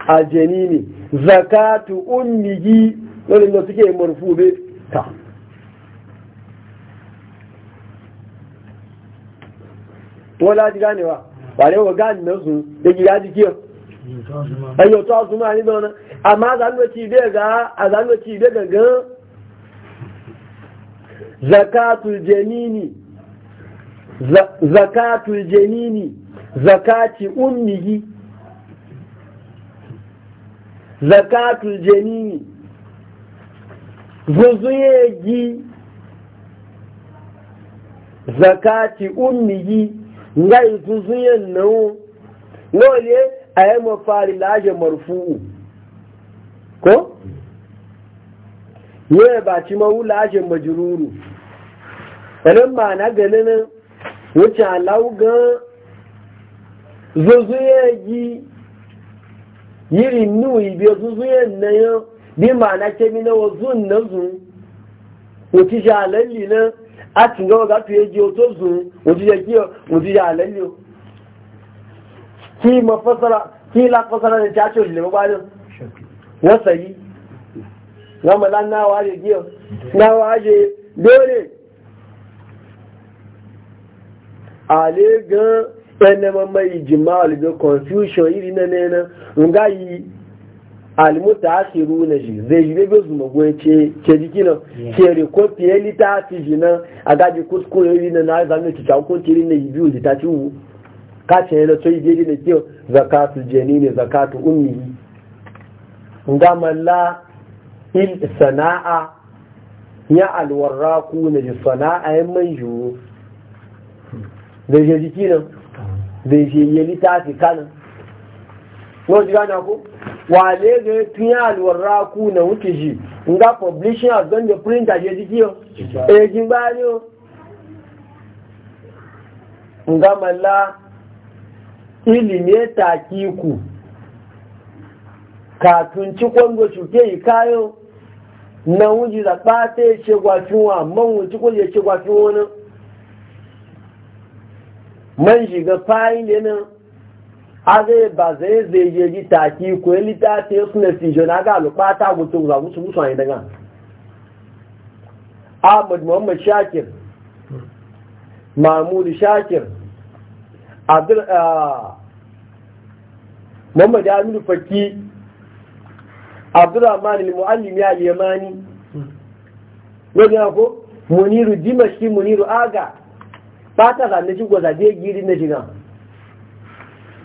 a jini zakatu un ni gi wale na suke marfu be ta wọ́n láti gánewa wà lẹ́wọ̀ gáàdì mẹ́sùn lẹ́jì yájí kí ọ ẹ̀yọ̀ tó ọ̀sùn máa nígbà ọ̀nà àmá àzánúwẹ̀tì ìbẹ́ gangan zakatul jenini zakatul jenini zakati ummihi zakatul jenini zuzuyeji zakati ummihi nga ikuzu Na nawo lole a yi mafari laje marfu'u ko yi ba ci mawu laje majururu ɗanin ma na ganin wuce alaugan zuzu yi yiri nu ibi zuzu yin na yau bi ma na kemi na wazu na zu wuce shalalli na a ti gọ́wọ́ ká fi eji o tó zùn mo ti yẹ kí o mo ti yẹ àlẹ́ yìí o kí mo fọ́sára ti aṣọ òjìlẹ̀ mọ́ wọ́n sẹ̀ yìí wọ́n náà wàá yẹ kí náà yẹ gan confusion yìí nga yìí. alimuta asiru na shi zai yi bebe su magwai ce ke jiki nan ke riko fiye lita fi shi nan a gaji ya yi na na zan ci can kun tiri na yi biyu lita ci wu ka ce yana so yi jeri na ke zakatu jeni ne zakatu ummi nga malla il sana'a ya alwarra ku na ji sana'a ya man wu zai yi jiki nan zai yi lita fi kanan. Wọ́n ti gánà kú? wale ga ya fi alwarra ku na wuce shi nga publishing as don the printer je jiki yo ejin eh, ba ni o nga malla ilimi ta kiku katun ci kwango shuke yi kayo na wuji da ɓata ya ce gwafin wa man wuci ko ya ce gwafin wani man shiga fayin da aze ba zai zai je ji taki ko yi ta te suna fijo na ga alupa ta mutum za musu musu hanyar daga ahmad muhammad shakir mahmud shakir abdul muhammad aminu fakki abdurrahman al-muallim ya yamani wajen ko muniru dimashki muniru aga fata da na ji gwazaje giri na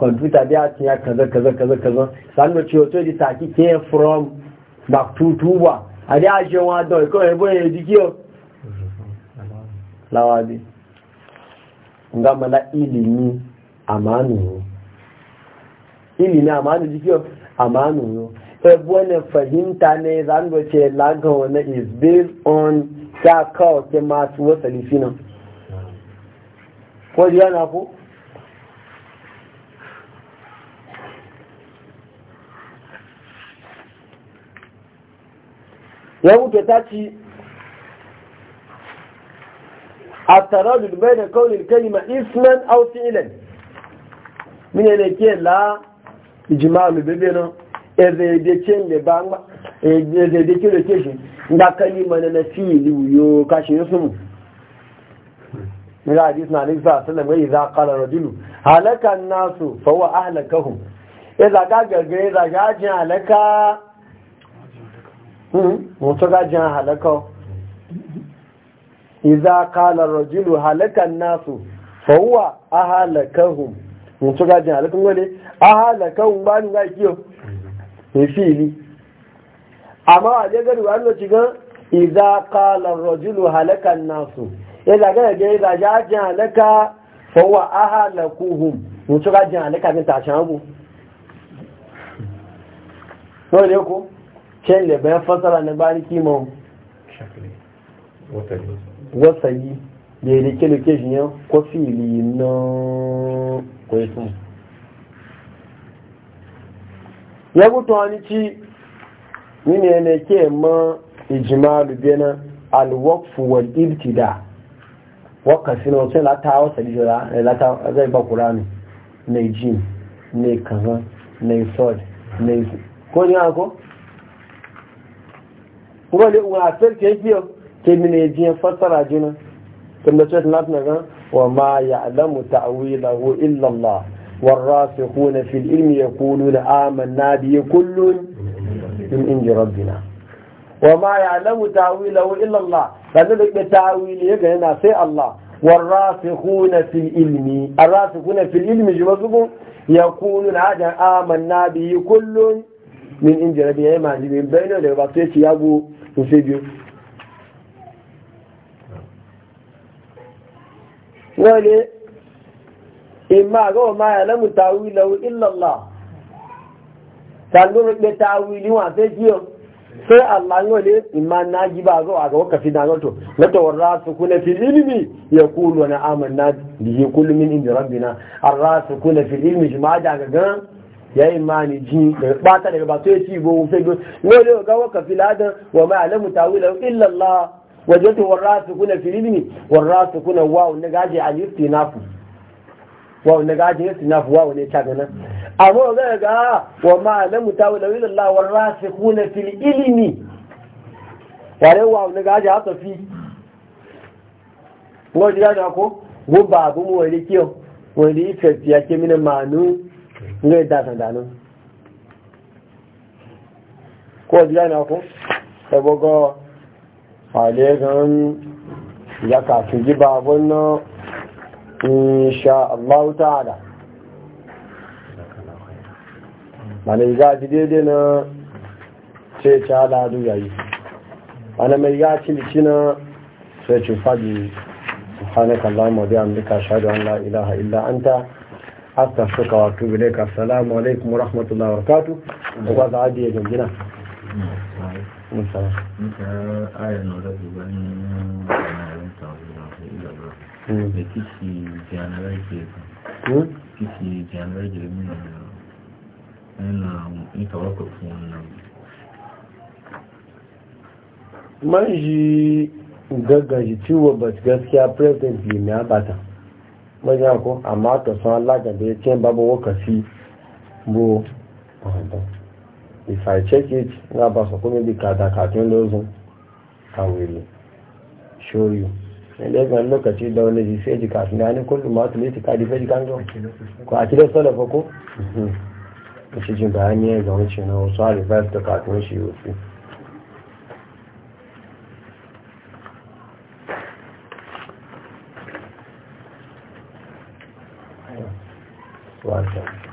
kwamfuta biya cin ya kaza kaza kaza kaza sanu ci oto di taki ke from back to tuba a da ajiye wa don ikon ebo ya jiki o lawadi nga mala ilimi amanu yo ilimi amanu jiki o amanu yo e ebo ne fahimta ne zanu ce lagan wani is based on ta kawo ke masu wasu lifina ko jiya na ku ya wuce ta ci a tarajul dubai da kaunin kalima isman au ilan mine ne ke la ijimalu bebe nan ezedeke le ba ngba e le keshi ngba kalima na na fi'ili yo kashi mu. mira hadis na alisa sallam wai idza qala rajulu halaka an-nasu fa huwa ahlakahum idza e ga ga ga idza halaka Hmm? mutu gajin halakau iza kala rajulu halakan nasu fawwa a halakahun mutu gajin halakun wale a halakahun ba ni ga kiyo ne fili amma a jagaru an lo cikin iza kala rajulu halakan nasu ya e zagara ga iza jajin halaka fawwa a halakuhun mutu gajin halaka min tashin abu. Dole ko? can da bayan fasara na bari kima wasayi da ya rike location yau ko fili na kwaifin ya gutu wani ci nini ne ke ma ijimalu bena alwakfu wal ibtida wakasi na wasu lata wasa lijira lata zai ba kuranu na jin na kazan na isod na ko ni ako وما يعلم wa إلا الله ke na wa ma ya'lamu ta'wilahu illa Allah والراسخون في العلم يقولون آمنا به كل من عند ربنا وما يعلم تاويله إلا الله فذلك تاويل يقنا سي الله والراسخون في العلم الراسخون في العلم جمسكم يقولون هذا آمنا به كل من عند ربنا ما جبين بينه لبطيش يابو sun sai biyu ma imma ga wa maya lamu tawilahu illallah tanuru ɗe tawili wa sai biyu sai Allah yau ne imma na ji ba zo a ga fi na gato na tawarra su kuna fil ilmi ya kulu na amanna bihi kullu min inda rabbina arra su kuna fil ilmi shi ma da ga gan yayi mani ji bata daga ba ya ci go sai go ne da ga waka filada wa ma alamu tawila illa Allah wajatu warasikuna fil ilmi na wa ne gaje al istinafu wa ne gaje nafu wa ne ta gana amma ga ga wa ma alamu tawila illa Allah kuna fil ilmi yare wa ne gaje hata fi ngo jira da ko go babu mu wani kiyo wani ifet ya ke mina manu ngai e da san danin ko jiya e na ku sabogo fale gan ya ka su ji babun nan insha Allah ta'ala mana ga ji daidai na ce ta da du yayi mana mai ya ci na sai ci fadi subhanaka allahumma اللهم وبحمدك ashhadu an la ilaha illa anta astaghfiruka wa atubu ilayk assalamu alaikum wa rahmatullahi wa barakatuh ko ga zaje gina musala ayan hmm. hmm. da da da janarai ke janarai ita ji gaggaji ciwo ba gaskiya president ne ya bata mọ́já kó àmá tọ̀sán alágàdé tí ń bá bọ́wọ́ kà sí bó ọ̀dọ̀ if i check it ní abasọ̀ kó níbi kàdàkà tí ó lóòzùn àwèrè show you ẹlẹ́gbẹ̀ẹ́ lókàtí ìdánwò lè fẹ́ jì kà fún ní kólù máa tún lè ti káàdì fẹ́ jì káńgọ́ kò àti lọ sọ́lọ̀ fọ́kó ìṣèjì bàá ní ẹgbẹ̀rún ṣe náà sọ àrífẹ́ tó kà वाचा